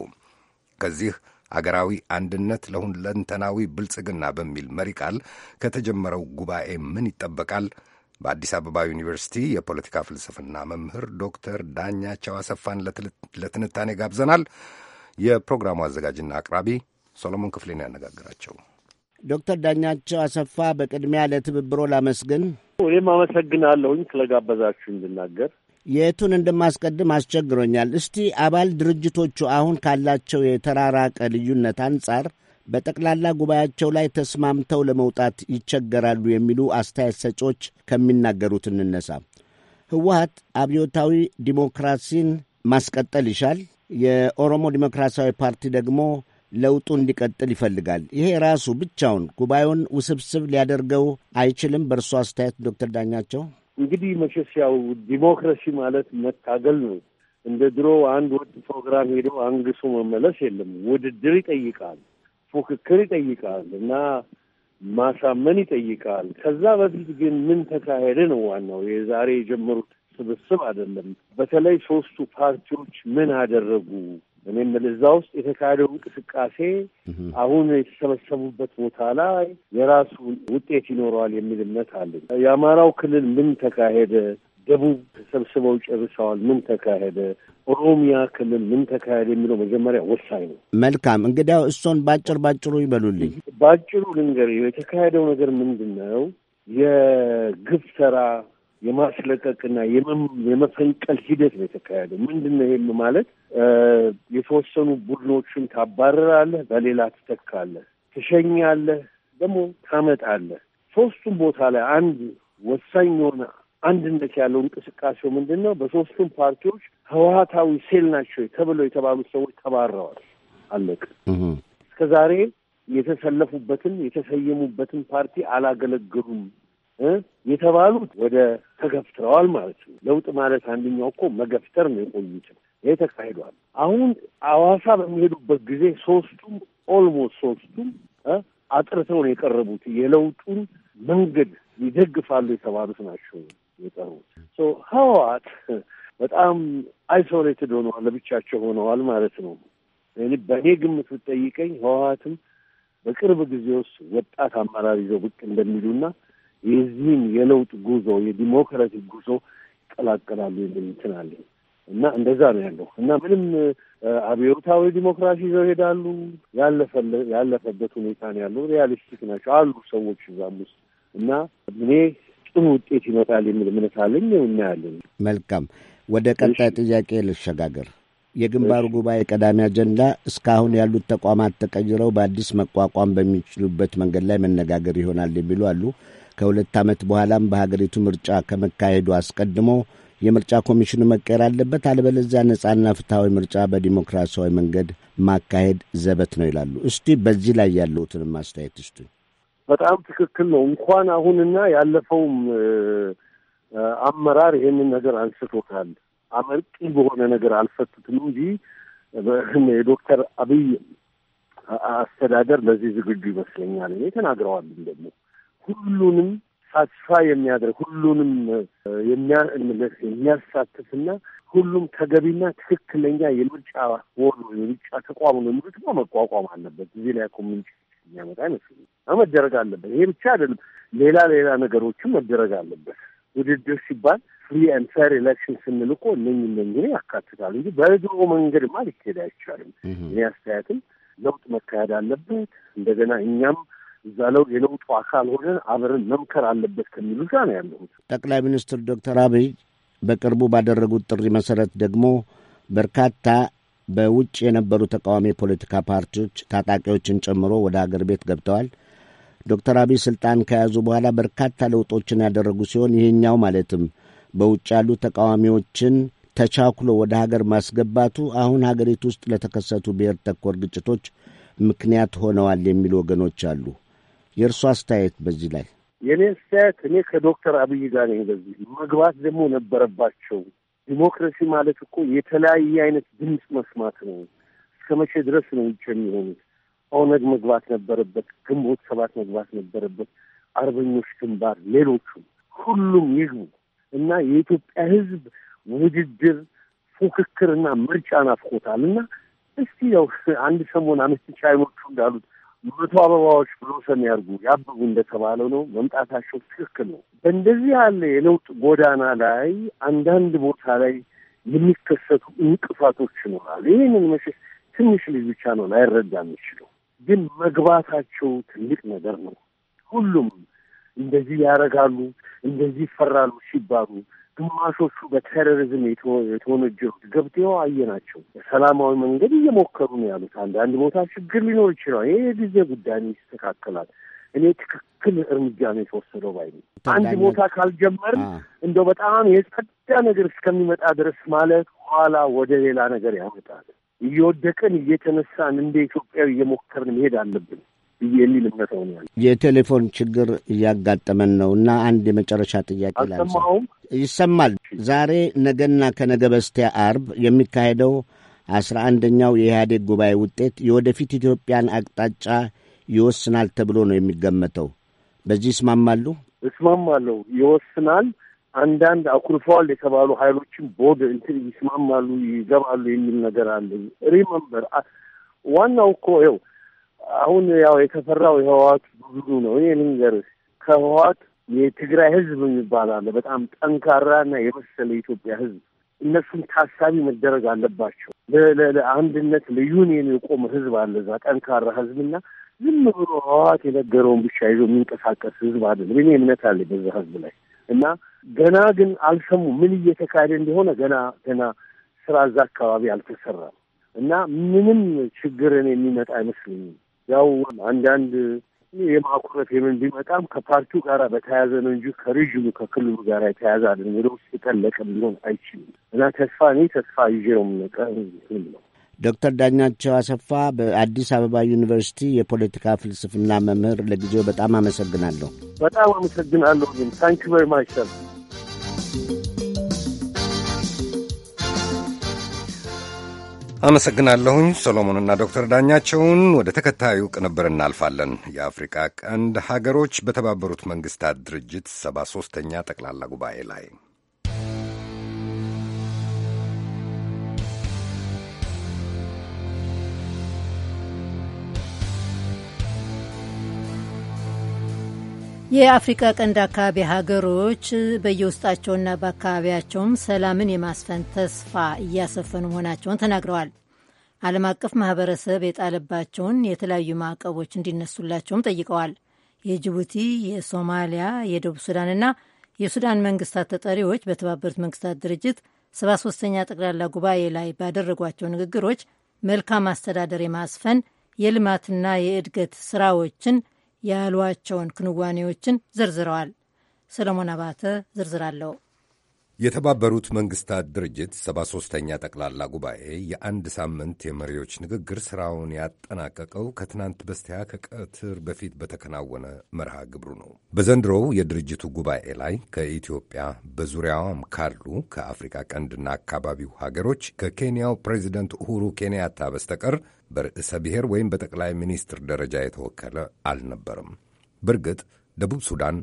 ከዚህ አገራዊ አንድነት ለሁለንተናዊ ብልጽግና በሚል መሪ ቃል ከተጀመረው ጉባኤ ምን ይጠበቃል? በአዲስ አበባ ዩኒቨርሲቲ የፖለቲካ ፍልስፍና መምህር ዶክተር ዳኛቸው አሰፋን ለትንታኔ ጋብዘናል። የፕሮግራሙ አዘጋጅና አቅራቢ ሶሎሞን ክፍሌን ያነጋግራቸው ዶክተር ዳኛቸው አሰፋ በቅድሚያ ለትብብሮ ላመስግን። እኔም አመሰግናለሁኝ ስለጋበዛችሁ እንድናገር። የቱን እንደማስቀድም አስቸግሮኛል። እስቲ አባል ድርጅቶቹ አሁን ካላቸው የተራራቀ ልዩነት አንጻር በጠቅላላ ጉባኤያቸው ላይ ተስማምተው ለመውጣት ይቸገራሉ የሚሉ አስተያየት ሰጪዎች ከሚናገሩት እንነሳ። ህወሀት አብዮታዊ ዲሞክራሲን ማስቀጠል ይሻል። የኦሮሞ ዲሞክራሲያዊ ፓርቲ ደግሞ ለውጡ እንዲቀጥል ይፈልጋል። ይሄ ራሱ ብቻውን ጉባኤውን ውስብስብ ሊያደርገው አይችልም። በእርሶ አስተያየት ዶክተር ዳኛቸው? እንግዲህ መቼስ ያው ዲሞክራሲ ማለት መታገል ነው። እንደ ድሮ አንድ ወጥ ፕሮግራም ሄዶ አንግሶ መመለስ የለም። ውድድር ይጠይቃል፣ ፉክክር ይጠይቃል እና ማሳመን ይጠይቃል። ከዛ በፊት ግን ምን ተካሄደ ነው ዋናው። የዛሬ የጀመሩት ስብስብ አይደለም። በተለይ ሶስቱ ፓርቲዎች ምን አደረጉ እኔም እዛ ውስጥ የተካሄደው እንቅስቃሴ አሁን የተሰበሰቡበት ቦታ ላይ የራሱ ውጤት ይኖረዋል የሚል እምነት አለኝ። የአማራው ክልል ምን ተካሄደ? ደቡብ ተሰብስበው ጨርሰዋል። ምን ተካሄደ? ኦሮሚያ ክልል ምን ተካሄደ? የሚለው መጀመሪያ ወሳኝ ነው። መልካም እንግዲያው እሱን ባጭር ባጭሩ ይበሉልኝ። ባጭሩ ልንገር፣ የተካሄደው ነገር ምንድን ነው? የግብ ስራ የማስለቀቅና የመፈንቀል ሂደት ነው የተካሄደ። ምንድን ነው ይህም ማለት የተወሰኑ ቡድኖችን ታባረራለህ፣ በሌላ ትተካለህ፣ ትሸኛለህ፣ ደግሞ ታመጣለህ። ሶስቱም ቦታ ላይ አንድ ወሳኝ የሆነ አንድነት ያለው እንቅስቃሴው ምንድን ነው? በሶስቱም ፓርቲዎች ህወሀታዊ ሴል ናቸው ተብለው የተባሉት ሰዎች ተባረዋል። አለቅ እስከ ዛሬ የተሰለፉበትን የተሰየሙበትን ፓርቲ አላገለገሉም የተባሉት ወደ ተገፍትረዋል ማለት ነው። ለውጥ ማለት አንደኛው እኮ መገፍተር ነው። የቆዩትም ይህ ተካሂዷል። አሁን አዋሳ በሚሄዱበት ጊዜ ሶስቱም ኦልሞስት ሶስቱም አጥርተው ነው የቀረቡት። የለውጡን መንገድ ይደግፋሉ የተባሉት ናቸው የቀሩት። ህወሓት በጣም አይሶሌትድ ሆነዋል፣ ለብቻቸው ሆነዋል ማለት ነው። በእኔ ግምት ብትጠይቀኝ ህወሓትም በቅርብ ጊዜ ውስጥ ወጣት አመራር ይዘው ብቅ እንደሚሉና የዚህን የለውጥ ጉዞ የዲሞክራሲ ጉዞ ይቀላቀላሉ የሚል እንትን አለ እና እንደዛ ነው ያለው እና ምንም አብዮታዊ ዲሞክራሲ ይዘው ይሄዳሉ ያለፈበት ሁኔታ ነው ያለው። ሪያሊስቲክ ናቸው አሉ ሰዎች እዛም ውስጥ እና እኔ ጥሩ ውጤት ይመጣል የሚል እምነት አለኝ። እናያለን። መልካም። ወደ ቀጣይ ጥያቄ ልሸጋገር። የግንባሩ ጉባኤ ቀዳሚ አጀንዳ እስካሁን ያሉት ተቋማት ተቀይረው በአዲስ መቋቋም በሚችሉበት መንገድ ላይ መነጋገር ይሆናል የሚሉ አሉ። ከሁለት ዓመት በኋላም በሀገሪቱ ምርጫ ከመካሄዱ አስቀድሞ የምርጫ ኮሚሽኑ መቀየር አለበት፣ አለበለዚያ ነጻና ፍትሐዊ ምርጫ በዲሞክራሲያዊ መንገድ ማካሄድ ዘበት ነው ይላሉ። እስቲ በዚህ ላይ ያለውትን ማስተያየት እስቱ። በጣም ትክክል ነው። እንኳን አሁንና ያለፈውም አመራር ይሄንን ነገር አንስቶታል። አመርቂ በሆነ ነገር አልፈቱትም እንጂ የዶክተር አብይ አስተዳደር ለዚህ ዝግጁ ይመስለኛል። እኔ ተናግረዋል ደግሞ ሁሉንም ሳትፋ የሚያደርግ ሁሉንም የሚያሳትፍና ሁሉም ተገቢና ትክክለኛ የምርጫ ቦርድ የምርጫ ተቋሙ ነው የሚሉት ነው መቋቋም አለበት። እዚህ ላይ እኮ ምንጭ የሚያመጣ አይመስለኝም። መደረግ አለበት። ይሄ ብቻ አይደለም፣ ሌላ ሌላ ነገሮችም መደረግ አለበት። ውድድር ሲባል ፍሪ ኤንድ ፌር ኤሌክሽን ስንል እኮ እነኝ እነኝን ያካትታሉ እንጂ በድሮ መንገድማ ሊካሄድ አይቻልም። እኔ አስተያየትም ለውጥ መካሄድ አለበት። እንደገና እኛም እዛ ለው የለውጡ አካል ሆነን አብረን መምከር አለበት ከሚሉ ጋር ነው ያለሁት። ጠቅላይ ሚኒስትር ዶክተር አብይ በቅርቡ ባደረጉት ጥሪ መሰረት ደግሞ በርካታ በውጭ የነበሩ ተቃዋሚ የፖለቲካ ፓርቲዎች ታጣቂዎችን ጨምሮ ወደ አገር ቤት ገብተዋል። ዶክተር አብይ ስልጣን ከያዙ በኋላ በርካታ ለውጦችን ያደረጉ ሲሆን ይህኛው ማለትም በውጭ ያሉ ተቃዋሚዎችን ተቻኩሎ ወደ ሀገር ማስገባቱ አሁን ሀገሪቱ ውስጥ ለተከሰቱ ብሔር ተኮር ግጭቶች ምክንያት ሆነዋል የሚሉ ወገኖች አሉ። የእርሱ አስተያየት በዚህ ላይ? የእኔ አስተያየት እኔ ከዶክተር አብይ ጋር ነኝ። በዚህ መግባት ደግሞ ነበረባቸው። ዲሞክራሲ ማለት እኮ የተለያየ አይነት ድምፅ መስማት ነው። እስከ መቼ ድረስ ነው ውጭ የሚሆኑት? ኦነግ መግባት ነበረበት፣ ግንቦት ሰባት መግባት ነበረበት፣ አርበኞች ግንባር፣ ሌሎቹም ሁሉም ይግቡ እና የኢትዮጵያ ሕዝብ ውድድር ፉክክርና ምርጫ ናፍቆታል እና እስቲ ያው አንድ ሰሞን አመት ቻይኖቹ እንዳሉት መቶ አበባዎች ብሎ ያርጉ ያብቡ እንደተባለው ነው መምጣታቸው ትክክል ነው። በእንደዚህ ያለ የለውጥ ጎዳና ላይ አንዳንድ ቦታ ላይ የሚከሰቱ እንቅፋቶች ይኖራሉ። ይህንን መቼ ትንሽ ልጅ ብቻ ነው ላይረዳ የሚችለው፣ ግን መግባታቸው ትልቅ ነገር ነው። ሁሉም እንደዚህ ያደርጋሉ እንደዚህ ይፈራሉ ሲባሉ ግማሾቹ በቴሮሪዝም የተወነጀሩ ገብተው አየናቸው። በሰላማዊ መንገድ እየሞከሩ ነው ያሉት። አንዳንድ ቦታ ችግር ሊኖር ይችላል። ይህ የጊዜ ጉዳይ ይስተካከላል። እኔ ትክክል እርምጃ ነው የተወሰደው ባይ አንድ ቦታ ካልጀመርን እንደው በጣም የጸዳ ነገር እስከሚመጣ ድረስ ማለት ኋላ ወደ ሌላ ነገር ያመጣል። እየወደቀን እየተነሳን እንደ ኢትዮጵያዊ እየሞከርን መሄድ አለብን። የሚል እምነት ሆኗል። የቴሌፎን ችግር እያጋጠመን ነው እና አንድ የመጨረሻ ጥያቄ ላ ይሰማል። ዛሬ ነገና ከነገ በስቲያ አርብ የሚካሄደው አስራ አንደኛው የኢህአዴግ ጉባኤ ውጤት የወደፊት ኢትዮጵያን አቅጣጫ ይወስናል ተብሎ ነው የሚገመተው። በዚህ ይስማማሉ? እስማማለሁ። ይወስናል። አንዳንድ አኩርፈዋል የተባሉ ሀይሎችን ቦድ እንትን ይስማማሉ፣ ይገባሉ የሚል ነገር አለ። ሪመምበር ዋናው እኮ ይኸው አሁን ያው የተፈራው የህወሀት ብዙ ነው። ይህ ልንገርህ ከህወሀት የትግራይ ህዝብ የሚባል አለ። በጣም ጠንካራና የመሰለ የኢትዮጵያ ህዝብ እነሱም ታሳቢ መደረግ አለባቸው። ለአንድነት ለዩኒየን የቆመ ህዝብ አለ እዛ ጠንካራ ህዝብና ዝም ብሎ ህወሀት የነገረውን ብቻ ይዞ የሚንቀሳቀስ ህዝብ አይደለም። እኔ እምነት አለ በዛ ህዝብ ላይ እና ገና ግን አልሰሙ ምን እየተካሄደ እንደሆነ ገና ገና ስራ እዛ አካባቢ አልተሰራም እና ምንም ችግርን የሚመጣ አይመስለኝም። ያው አንዳንድ የማኩረት የምን ቢመጣም ከፓርቲው ጋር በተያያዘ ነው እንጂ ከሬዥሙ ከክልሉ ጋር የተያያዘ አለ ወደ ውስጥ የጠለቀ ሊሆን አይችልም እና ተስፋ እኔ ተስፋ ይዤ ነው የምነቀ ነው። ዶክተር ዳኛቸው አሰፋ በአዲስ አበባ ዩኒቨርሲቲ የፖለቲካ ፍልስፍና መምህር፣ ለጊዜው በጣም አመሰግናለሁ። በጣም አመሰግናለሁ። ግን ታንክ ቨሪ ማች አመሰግናለሁኝ ሰሎሞንና ዶክተር ዳኛቸውን። ወደ ተከታዩ ቅንብር እናልፋለን። የአፍሪቃ ቀንድ ሀገሮች በተባበሩት መንግስታት ድርጅት ሰባ ሦስተኛ ጠቅላላ ጉባኤ ላይ የአፍሪካ ቀንድ አካባቢ ሀገሮች በየውስጣቸውና በአካባቢያቸውም ሰላምን የማስፈን ተስፋ እያሰፈኑ መሆናቸውን ተናግረዋል። ዓለም አቀፍ ማህበረሰብ የጣለባቸውን የተለያዩ ማዕቀቦች እንዲነሱላቸውም ጠይቀዋል። የጅቡቲ፣ የሶማሊያ፣ የደቡብ ሱዳንና የሱዳን መንግስታት ተጠሪዎች በተባበሩት መንግስታት ድርጅት ሰባ ሶስተኛ ጠቅላላ ጉባኤ ላይ ባደረጓቸው ንግግሮች መልካም አስተዳደር የማስፈን የልማትና የእድገት ስራዎችን ያሏቸውን ክንዋኔዎችን ዘርዝረዋል። ሰለሞን አባተ ዝርዝር አለው። የተባበሩት መንግስታት ድርጅት ሰባ ሦስተኛ ጠቅላላ ጉባኤ የአንድ ሳምንት የመሪዎች ንግግር ሥራውን ያጠናቀቀው ከትናንት በስቲያ ከቀትር በፊት በተከናወነ መርሃ ግብሩ ነው። በዘንድሮው የድርጅቱ ጉባኤ ላይ ከኢትዮጵያ በዙሪያዋም ካሉ ከአፍሪካ ቀንድና አካባቢው ሀገሮች ከኬንያው ፕሬዚደንት ኡሁሩ ኬንያታ በስተቀር በርዕሰ ብሔር ወይም በጠቅላይ ሚኒስትር ደረጃ የተወከለ አልነበርም። በእርግጥ ደቡብ ሱዳን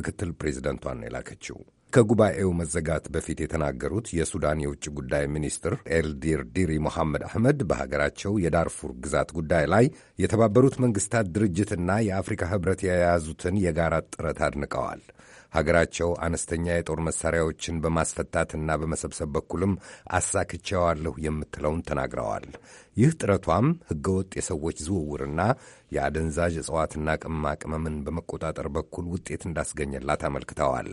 ምክትል ፕሬዚደንቷን የላከችው ከጉባኤው መዘጋት በፊት የተናገሩት የሱዳን የውጭ ጉዳይ ሚኒስትር ኤልዲር ዲሪ ሞሐመድ አህመድ በሀገራቸው የዳርፉር ግዛት ጉዳይ ላይ የተባበሩት መንግስታት ድርጅትና የአፍሪካ ህብረት የያዙትን የጋራ ጥረት አድንቀዋል። ሀገራቸው አነስተኛ የጦር መሳሪያዎችን በማስፈታትና በመሰብሰብ በኩልም አሳክቸዋለሁ የምትለውን ተናግረዋል። ይህ ጥረቷም ህገወጥ የሰዎች ዝውውርና የአደንዛዥ እጽዋትና ቅመማ ቅመምን በመቆጣጠር በኩል ውጤት እንዳስገኘላት አመልክተዋል።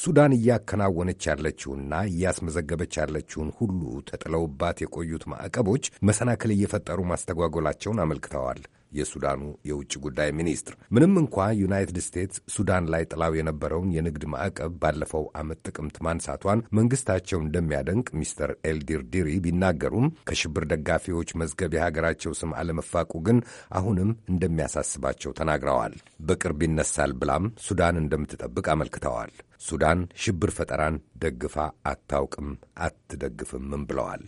ሱዳን እያከናወነች ያለችውና እያስመዘገበች ያለችውን ሁሉ ተጥለውባት የቆዩት ማዕቀቦች መሰናክል እየፈጠሩ ማስተጓጎላቸውን አመልክተዋል። የሱዳኑ የውጭ ጉዳይ ሚኒስትር። ምንም እንኳ ዩናይትድ ስቴትስ ሱዳን ላይ ጥላው የነበረውን የንግድ ማዕቀብ ባለፈው ዓመት ጥቅምት ማንሳቷን መንግስታቸው እንደሚያደንቅ ሚስተር ኤልዲር ዲሪ ቢናገሩም ከሽብር ደጋፊዎች መዝገብ የሀገራቸው ስም አለመፋቁ ግን አሁንም እንደሚያሳስባቸው ተናግረዋል። በቅርብ ይነሳል ብላም ሱዳን እንደምትጠብቅ አመልክተዋል። ሱዳን ሽብር ፈጠራን ደግፋ አታውቅም፣ አትደግፍምም ብለዋል።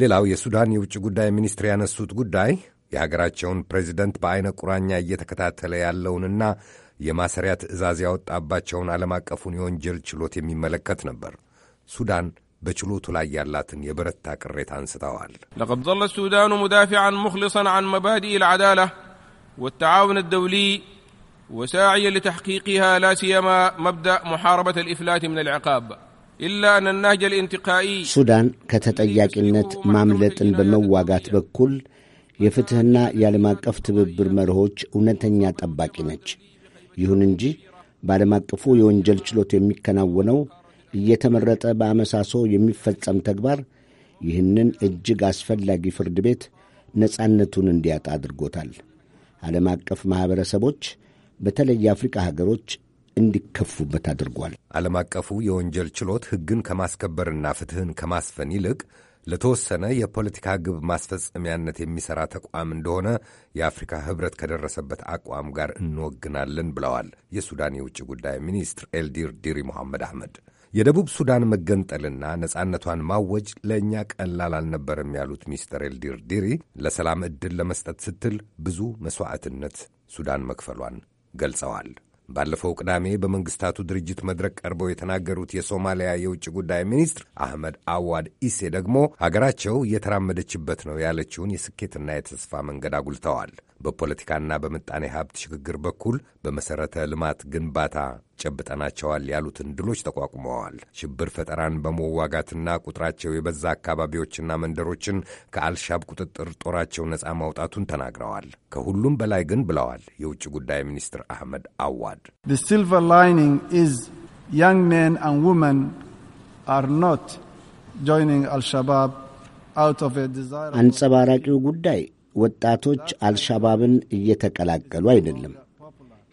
ሌላው የሱዳን የውጭ ጉዳይ ሚኒስትር ያነሱት ጉዳይ የሀገራቸውን ፕሬዚደንት በዐይነ ቁራኛ እየተከታተለ ያለውንና የማሰሪያ ትዕዛዝ ያወጣባቸውን ዓለም አቀፉን የወንጀል ችሎት የሚመለከት ነበር። ሱዳን በችሎቱ ላይ ያላትን የበረታ ቅሬታ አንስተዋል። ለቀድ ظل السودان مدافعا مخلصا عن مبادئ العدالة والتعاون الدولي وساعيا لتحقيقها لا سيما مبدأ محاربة الإفلات من العقاب ሱዳን ከተጠያቂነት ማምለጥን በመዋጋት በኩል የፍትሕና የዓለም አቀፍ ትብብር መርሆች እውነተኛ ጠባቂ ነች። ይሁን እንጂ በዓለም አቀፉ የወንጀል ችሎት የሚከናወነው እየተመረጠ በአመሳሶ የሚፈጸም ተግባር ይህንን እጅግ አስፈላጊ ፍርድ ቤት ነጻነቱን እንዲያጣ አድርጎታል። ዓለም አቀፍ ማኅበረሰቦች በተለይ የአፍሪቃ ሀገሮች እንዲከፉበት አድርጓል። ዓለም አቀፉ የወንጀል ችሎት ሕግን ከማስከበርና ፍትሕን ከማስፈን ይልቅ ለተወሰነ የፖለቲካ ግብ ማስፈጸሚያነት የሚሠራ ተቋም እንደሆነ የአፍሪካ ህብረት ከደረሰበት አቋም ጋር እንወግናለን ብለዋል የሱዳን የውጭ ጉዳይ ሚኒስትር ኤልዲር ዲሪ መሐመድ አህመድ። የደቡብ ሱዳን መገንጠልና ነጻነቷን ማወጅ ለእኛ ቀላል አልነበረም ያሉት ሚስተር ኤልዲር ዲሪ ለሰላም ዕድል ለመስጠት ስትል ብዙ መሥዋዕትነት ሱዳን መክፈሏን ገልጸዋል። ባለፈው ቅዳሜ በመንግስታቱ ድርጅት መድረክ ቀርበው የተናገሩት የሶማሊያ የውጭ ጉዳይ ሚኒስትር አህመድ አዋድ ኢሴ ደግሞ ሀገራቸው እየተራመደችበት ነው ያለችውን የስኬትና የተስፋ መንገድ አጉልተዋል። በፖለቲካና በምጣኔ ሀብት ሽግግር በኩል በመሠረተ ልማት ግንባታ ጨብጠናቸዋል ያሉትን ድሎች ተቋቁመዋል። ሽብር ፈጠራን በመዋጋትና ቁጥራቸው የበዛ አካባቢዎችና መንደሮችን ከአልሻብ ቁጥጥር ጦራቸው ነፃ ማውጣቱን ተናግረዋል። ከሁሉም በላይ ግን ብለዋል የውጭ ጉዳይ ሚኒስትር አህመድ አዋድ ሲልቨር ላይኒንግ ኢዝ ያንግ ሜን አንድ ውመን አር ኖት ጆይኒንግ አልሻባብ አንጸባራቂው ጉዳይ ወጣቶች አልሻባብን እየተቀላቀሉ አይደለም።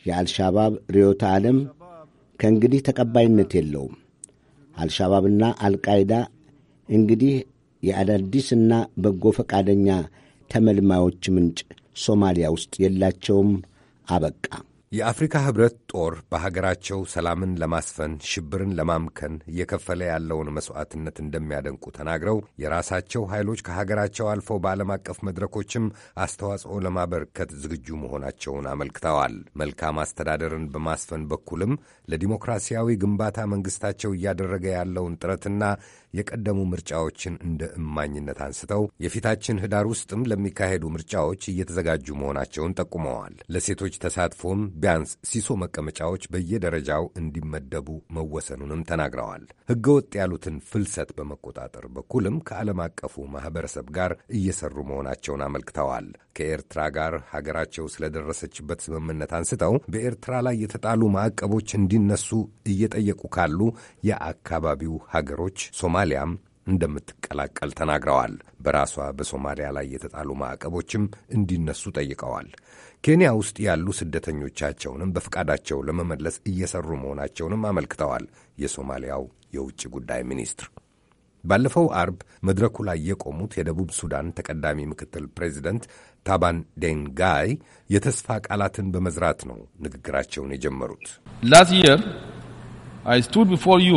የአልሻባብ ርዕዮተ ዓለም ከእንግዲህ ተቀባይነት የለውም። አልሻባብና አልቃይዳ እንግዲህ የአዳዲስና በጎ ፈቃደኛ ተመልማዮች ምንጭ ሶማሊያ ውስጥ የላቸውም። አበቃ። የአፍሪካ ህብረት ጦር በሀገራቸው ሰላምን ለማስፈን ሽብርን ለማምከን እየከፈለ ያለውን መስዋዕትነት እንደሚያደንቁ ተናግረው የራሳቸው ኃይሎች ከሀገራቸው አልፈው በዓለም አቀፍ መድረኮችም አስተዋጽኦ ለማበርከት ዝግጁ መሆናቸውን አመልክተዋል። መልካም አስተዳደርን በማስፈን በኩልም ለዲሞክራሲያዊ ግንባታ መንግስታቸው እያደረገ ያለውን ጥረትና የቀደሙ ምርጫዎችን እንደ እማኝነት አንስተው የፊታችን ህዳር ውስጥም ለሚካሄዱ ምርጫዎች እየተዘጋጁ መሆናቸውን ጠቁመዋል። ለሴቶች ተሳትፎም ቢያንስ ሲሶ መቀመጫዎች በየደረጃው እንዲመደቡ መወሰኑንም ተናግረዋል። ሕገወጥ ያሉትን ፍልሰት በመቆጣጠር በኩልም ከዓለም አቀፉ ማኅበረሰብ ጋር እየሰሩ መሆናቸውን አመልክተዋል። ከኤርትራ ጋር ሀገራቸው ስለደረሰችበት ስምምነት አንስተው በኤርትራ ላይ የተጣሉ ማዕቀቦች እንዲነሱ እየጠየቁ ካሉ የአካባቢው ሀገሮች ሶማሊያም እንደምትቀላቀል ተናግረዋል። በራሷ በሶማሊያ ላይ የተጣሉ ማዕቀቦችም እንዲነሱ ጠይቀዋል። ኬንያ ውስጥ ያሉ ስደተኞቻቸውንም በፈቃዳቸው ለመመለስ እየሰሩ መሆናቸውንም አመልክተዋል። የሶማሊያው የውጭ ጉዳይ ሚኒስትር ባለፈው አርብ መድረኩ ላይ የቆሙት የደቡብ ሱዳን ተቀዳሚ ምክትል ፕሬዚደንት ታባን ዴንጋይ የተስፋ ቃላትን በመዝራት ነው ንግግራቸውን የጀመሩት። ላስት የር አይ ስቱድ ቢፎር ዩ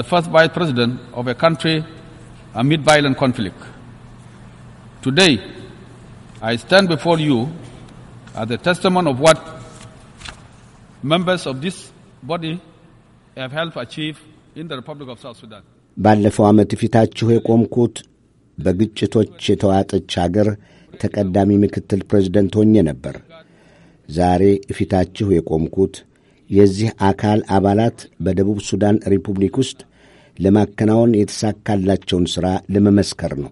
ዘ ፈርስት ቫይስ ፕሬዚደንት ኦፍ ኤ ካንትሪ አሚድ ቫይለንት ኮንፍሊክት ቱዴይ አይ ስታንድ ቢፎር ዩ are the testament of what members of this body have helped achieve in the Republic of South Sudan. ባለፈው ዓመት ፊታችሁ የቆምኩት በግጭቶች የተዋጠች አገር ተቀዳሚ ምክትል ፕሬዚደንት ሆኜ ነበር። ዛሬ እፊታችሁ የቆምኩት የዚህ አካል አባላት በደቡብ ሱዳን ሪፑብሊክ ውስጥ ለማከናወን የተሳካላቸውን ሥራ ለመመስከር ነው።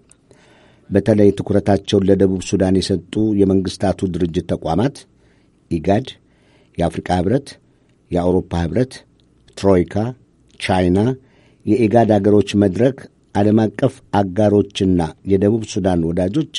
በተለይ ትኩረታቸውን ለደቡብ ሱዳን የሰጡ የመንግሥታቱ ድርጅት ተቋማት ኢጋድ፣ የአፍሪቃ ኅብረት፣ የአውሮፓ ኅብረት፣ ትሮይካ፣ ቻይና፣ የኢጋድ አገሮች መድረክ፣ ዓለም አቀፍ አጋሮችና የደቡብ ሱዳን ወዳጆች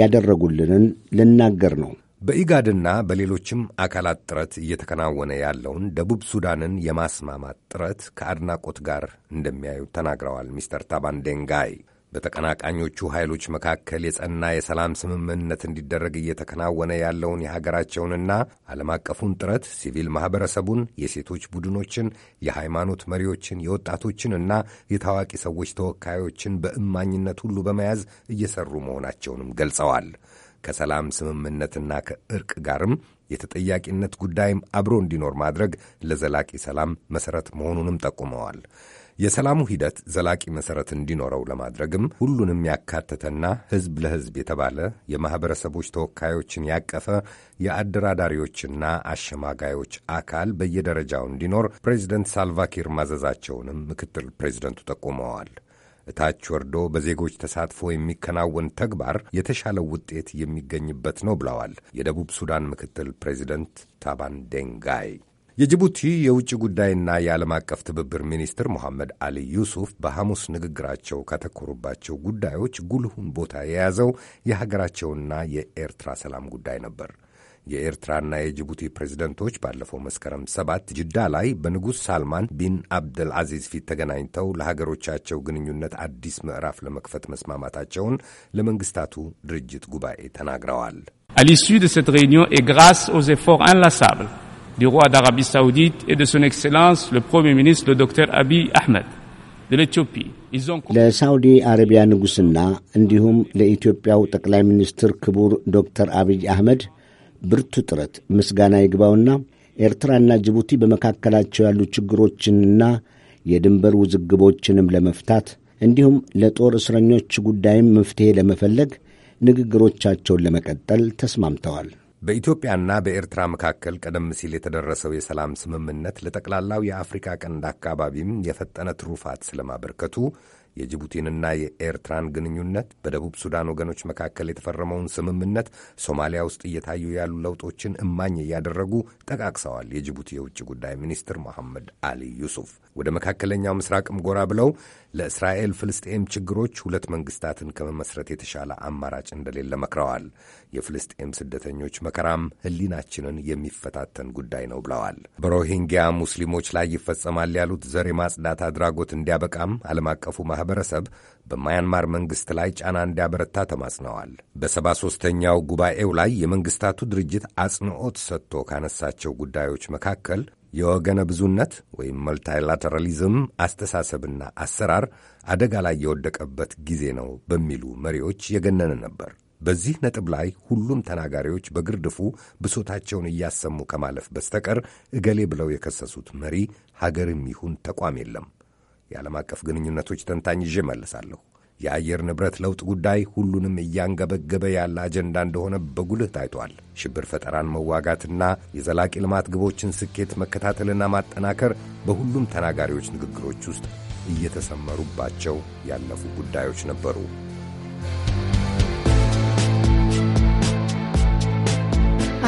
ያደረጉልንን ልናገር ነው። በኢጋድና በሌሎችም አካላት ጥረት እየተከናወነ ያለውን ደቡብ ሱዳንን የማስማማት ጥረት ከአድናቆት ጋር እንደሚያዩ ተናግረዋል ሚስተር ታባንዴንጋይ። በተቀናቃኞቹ ኃይሎች መካከል የጸና የሰላም ስምምነት እንዲደረግ እየተከናወነ ያለውን የሀገራቸውንና ዓለም አቀፉን ጥረት ሲቪል ማኅበረሰቡን፣ የሴቶች ቡድኖችን፣ የሃይማኖት መሪዎችን፣ የወጣቶችን እና የታዋቂ ሰዎች ተወካዮችን በእማኝነት ሁሉ በመያዝ እየሰሩ መሆናቸውንም ገልጸዋል። ከሰላም ስምምነትና ከእርቅ ጋርም የተጠያቂነት ጉዳይም አብሮ እንዲኖር ማድረግ ለዘላቂ ሰላም መሠረት መሆኑንም ጠቁመዋል። የሰላሙ ሂደት ዘላቂ መሠረት እንዲኖረው ለማድረግም ሁሉንም ያካተተና ሕዝብ ለሕዝብ የተባለ የማኅበረሰቦች ተወካዮችን ያቀፈ የአደራዳሪዎችና አሸማጋዮች አካል በየደረጃው እንዲኖር ፕሬዚደንት ሳልቫኪር ማዘዛቸውንም ምክትል ፕሬዚደንቱ ጠቁመዋል። እታች ወርዶ በዜጎች ተሳትፎ የሚከናወን ተግባር የተሻለ ውጤት የሚገኝበት ነው ብለዋል የደቡብ ሱዳን ምክትል ፕሬዚደንት ታባን ዴንጋይ። የጅቡቲ የውጭ ጉዳይና የዓለም አቀፍ ትብብር ሚኒስትር መሐመድ አሊ ዩሱፍ በሐሙስ ንግግራቸው ካተኮሩባቸው ጉዳዮች ጉልሁን ቦታ የያዘው የሀገራቸውና የኤርትራ ሰላም ጉዳይ ነበር። የኤርትራና የጅቡቲ ፕሬዝደንቶች ባለፈው መስከረም ሰባት ጅዳ ላይ በንጉሥ ሳልማን ቢን አብደል አዚዝ ፊት ተገናኝተው ለሀገሮቻቸው ግንኙነት አዲስ ምዕራፍ ለመክፈት መስማማታቸውን ለመንግስታቱ ድርጅት ጉባኤ ተናግረዋል። አሊሱ l'issue de cette réunion et du roi d'Arabie saoudite et de son excellence le Premier ministre le docteur Abiy Ahmed de l'Éthiopie. ለሳዑዲ አረቢያ ንጉሥና እንዲሁም ለኢትዮጵያው ጠቅላይ ሚኒስትር ክቡር ዶክተር አብይ አህመድ ብርቱ ጥረት ምስጋና ይግባውና ኤርትራና ጅቡቲ በመካከላቸው ያሉ ችግሮችንና የድንበር ውዝግቦችንም ለመፍታት እንዲሁም ለጦር እስረኞች ጉዳይም መፍትሔ ለመፈለግ ንግግሮቻቸውን ለመቀጠል ተስማምተዋል። በኢትዮጵያና በኤርትራ መካከል ቀደም ሲል የተደረሰው የሰላም ስምምነት ለጠቅላላው የአፍሪካ ቀንድ አካባቢም የፈጠነ ትሩፋት ስለማበርከቱ የጅቡቲንና የኤርትራን ግንኙነት፣ በደቡብ ሱዳን ወገኖች መካከል የተፈረመውን ስምምነት፣ ሶማሊያ ውስጥ እየታዩ ያሉ ለውጦችን እማኝ እያደረጉ ጠቃቅሰዋል የጅቡቲ የውጭ ጉዳይ ሚኒስትር መሐመድ አሊ ዩሱፍ። ወደ መካከለኛው ምስራቅም ጎራ ብለው ለእስራኤል ፍልስጤም ችግሮች ሁለት መንግስታትን ከመመስረት የተሻለ አማራጭ እንደሌለ መክረዋል። የፍልስጤም ስደተኞች መከራም ሕሊናችንን የሚፈታተን ጉዳይ ነው ብለዋል። በሮሂንግያ ሙስሊሞች ላይ ይፈጸማል ያሉት ዘር የማጽዳት አድራጎት እንዲያበቃም ዓለም አቀፉ ማኅበረሰብ በማያንማር መንግሥት ላይ ጫና እንዲያበረታ ተማጽነዋል። በሰባ ሦስተኛው ጉባኤው ላይ የመንግሥታቱ ድርጅት አጽንዖት ሰጥቶ ካነሳቸው ጉዳዮች መካከል የወገነ ብዙነት ወይም መልታይላተራሊዝም አስተሳሰብና አሰራር አደጋ ላይ የወደቀበት ጊዜ ነው በሚሉ መሪዎች የገነነ ነበር። በዚህ ነጥብ ላይ ሁሉም ተናጋሪዎች በግርድፉ ብሶታቸውን እያሰሙ ከማለፍ በስተቀር እገሌ ብለው የከሰሱት መሪ ሀገርም ይሁን ተቋም የለም። የዓለም አቀፍ ግንኙነቶች ተንታኝ ይዤ እመልሳለሁ። የአየር ንብረት ለውጥ ጉዳይ ሁሉንም እያንገበገበ ያለ አጀንዳ እንደሆነ በጉልህ ታይቷል። ሽብር ፈጠራን መዋጋትና የዘላቂ ልማት ግቦችን ስኬት መከታተልና ማጠናከር በሁሉም ተናጋሪዎች ንግግሮች ውስጥ እየተሰመሩባቸው ያለፉ ጉዳዮች ነበሩ።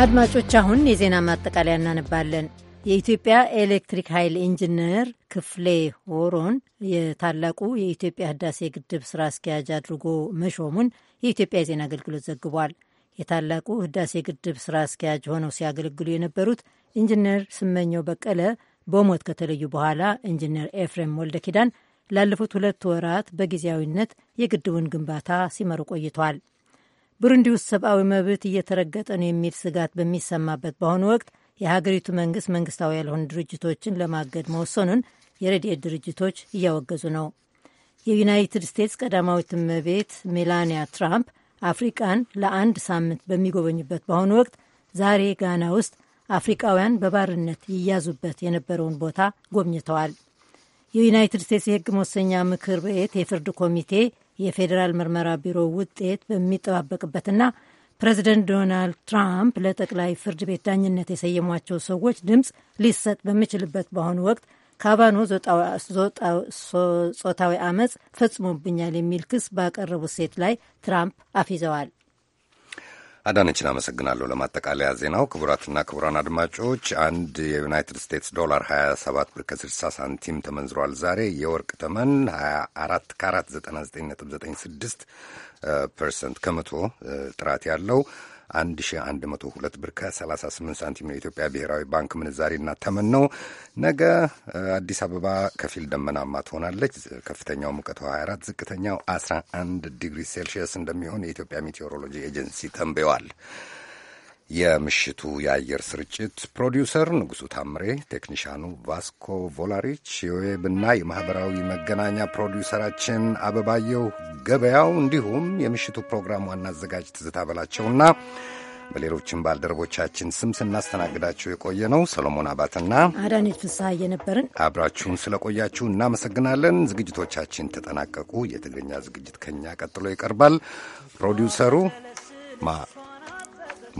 አድማጮች፣ አሁን የዜና ማጠቃለያ እናነባለን። የኢትዮጵያ ኤሌክትሪክ ኃይል ኢንጂነር ክፍሌ ሆሮን የታላቁ የኢትዮጵያ ህዳሴ ግድብ ስራ አስኪያጅ አድርጎ መሾሙን የኢትዮጵያ የዜና አገልግሎት ዘግቧል። የታላቁ ህዳሴ ግድብ ስራ አስኪያጅ ሆነው ሲያገለግሉ የነበሩት ኢንጂነር ስመኘው በቀለ በሞት ከተለዩ በኋላ ኢንጂነር ኤፍሬም ወልደ ኪዳን ላለፉት ሁለት ወራት በጊዜያዊነት የግድቡን ግንባታ ሲመሩ ቆይቷል። ብሩንዲ ውስጥ ሰብአዊ መብት እየተረገጠ ነው የሚል ስጋት በሚሰማበት በአሁኑ ወቅት የሀገሪቱ መንግስት መንግስታዊ ያልሆኑ ድርጅቶችን ለማገድ መወሰኑን የረድኤት ድርጅቶች እያወገዙ ነው። የዩናይትድ ስቴትስ ቀዳማዊት እመቤት ሜላኒያ ትራምፕ አፍሪቃን ለአንድ ሳምንት በሚጎበኙበት በአሁኑ ወቅት ዛሬ ጋና ውስጥ አፍሪቃውያን በባርነት ይያዙበት የነበረውን ቦታ ጎብኝተዋል። የዩናይትድ ስቴትስ የህግ መወሰኛ ምክር ቤት የፍርድ ኮሚቴ የፌዴራል ምርመራ ቢሮ ውጤት በሚጠባበቅበትና ፕሬዚደንት ዶናልድ ትራምፕ ለጠቅላይ ፍርድ ቤት ዳኝነት የሰየሟቸው ሰዎች ድምፅ ሊሰጥ በሚችልበት በአሁኑ ወቅት ካቫኖ ጾታዊ አመፅ ፈጽሞብኛል የሚል ክስ ባቀረቡት ሴት ላይ ትራምፕ አፊዘዋል። አዳነችን አመሰግናለሁ። ለማጠቃለያ ዜናው ክቡራትና ክቡራን አድማጮች አንድ የዩናይትድ ስቴትስ ዶላር 27 ብር ከ60 ሳንቲም ተመንዝሯል። ዛሬ የወርቅ ተመን 24 ካራት 99.96 ፐርሰንት ከመቶ ጥራት ያለው 1102 ብር ከ38 ሳንቲም የኢትዮጵያ ብሔራዊ ባንክ ምንዛሬና ተመን ነው። ነገ አዲስ አበባ ከፊል ደመናማ ትሆናለች። ከፍተኛው ሙቀቱ 24፣ ዝቅተኛው 11 ዲግሪ ሴልሺየስ እንደሚሆን የኢትዮጵያ ሜቴዎሮሎጂ ኤጀንሲ ተንብየዋል። የምሽቱ የአየር ስርጭት ፕሮዲውሰር ንጉሡ ታምሬ፣ ቴክኒሻኑ ቫስኮ ቮላሪች፣ የዌብና የማኅበራዊ መገናኛ ፕሮዲውሰራችን አበባየሁ ገበያው እንዲሁም የምሽቱ ፕሮግራም ዋና አዘጋጅ ትዝታ በላቸውና በሌሎችም ባልደረቦቻችን ስም ስናስተናግዳችሁ የቆየ ነው ሰሎሞን አባትና አዳነች ፍስሐ እየነበርን አብራችሁን ስለቆያችሁ እናመሰግናለን። ዝግጅቶቻችን ተጠናቀቁ። የትግርኛ ዝግጅት ከኛ ቀጥሎ ይቀርባል። ፕሮዲውሰሩ ማ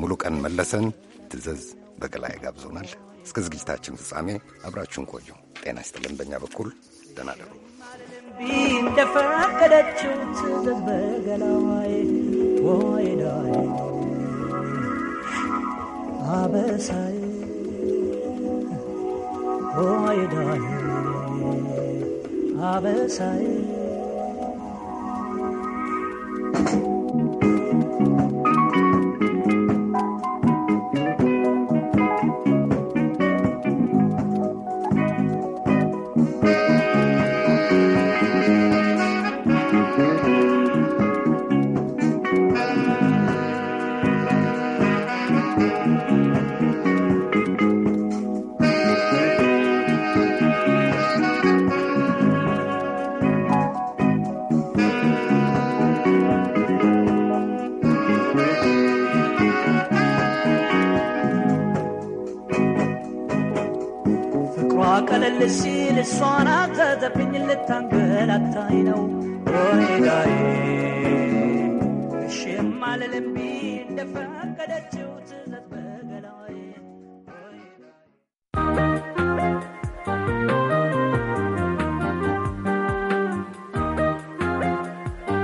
ሙሉ ቀን መለሰን ትዕዘዝ በቀላ ጋብዞናል። እስከ ዝግጅታችን ፍጻሜ አብራችሁን ቆዩ። ጤና ይስጥልን። በእኛ በኩል ደህና ደሩ። እንደፈቀደችው ተመልሼ ልሷን አዘዘብኝ ልታንገላታኝ ነው ወይዳዬ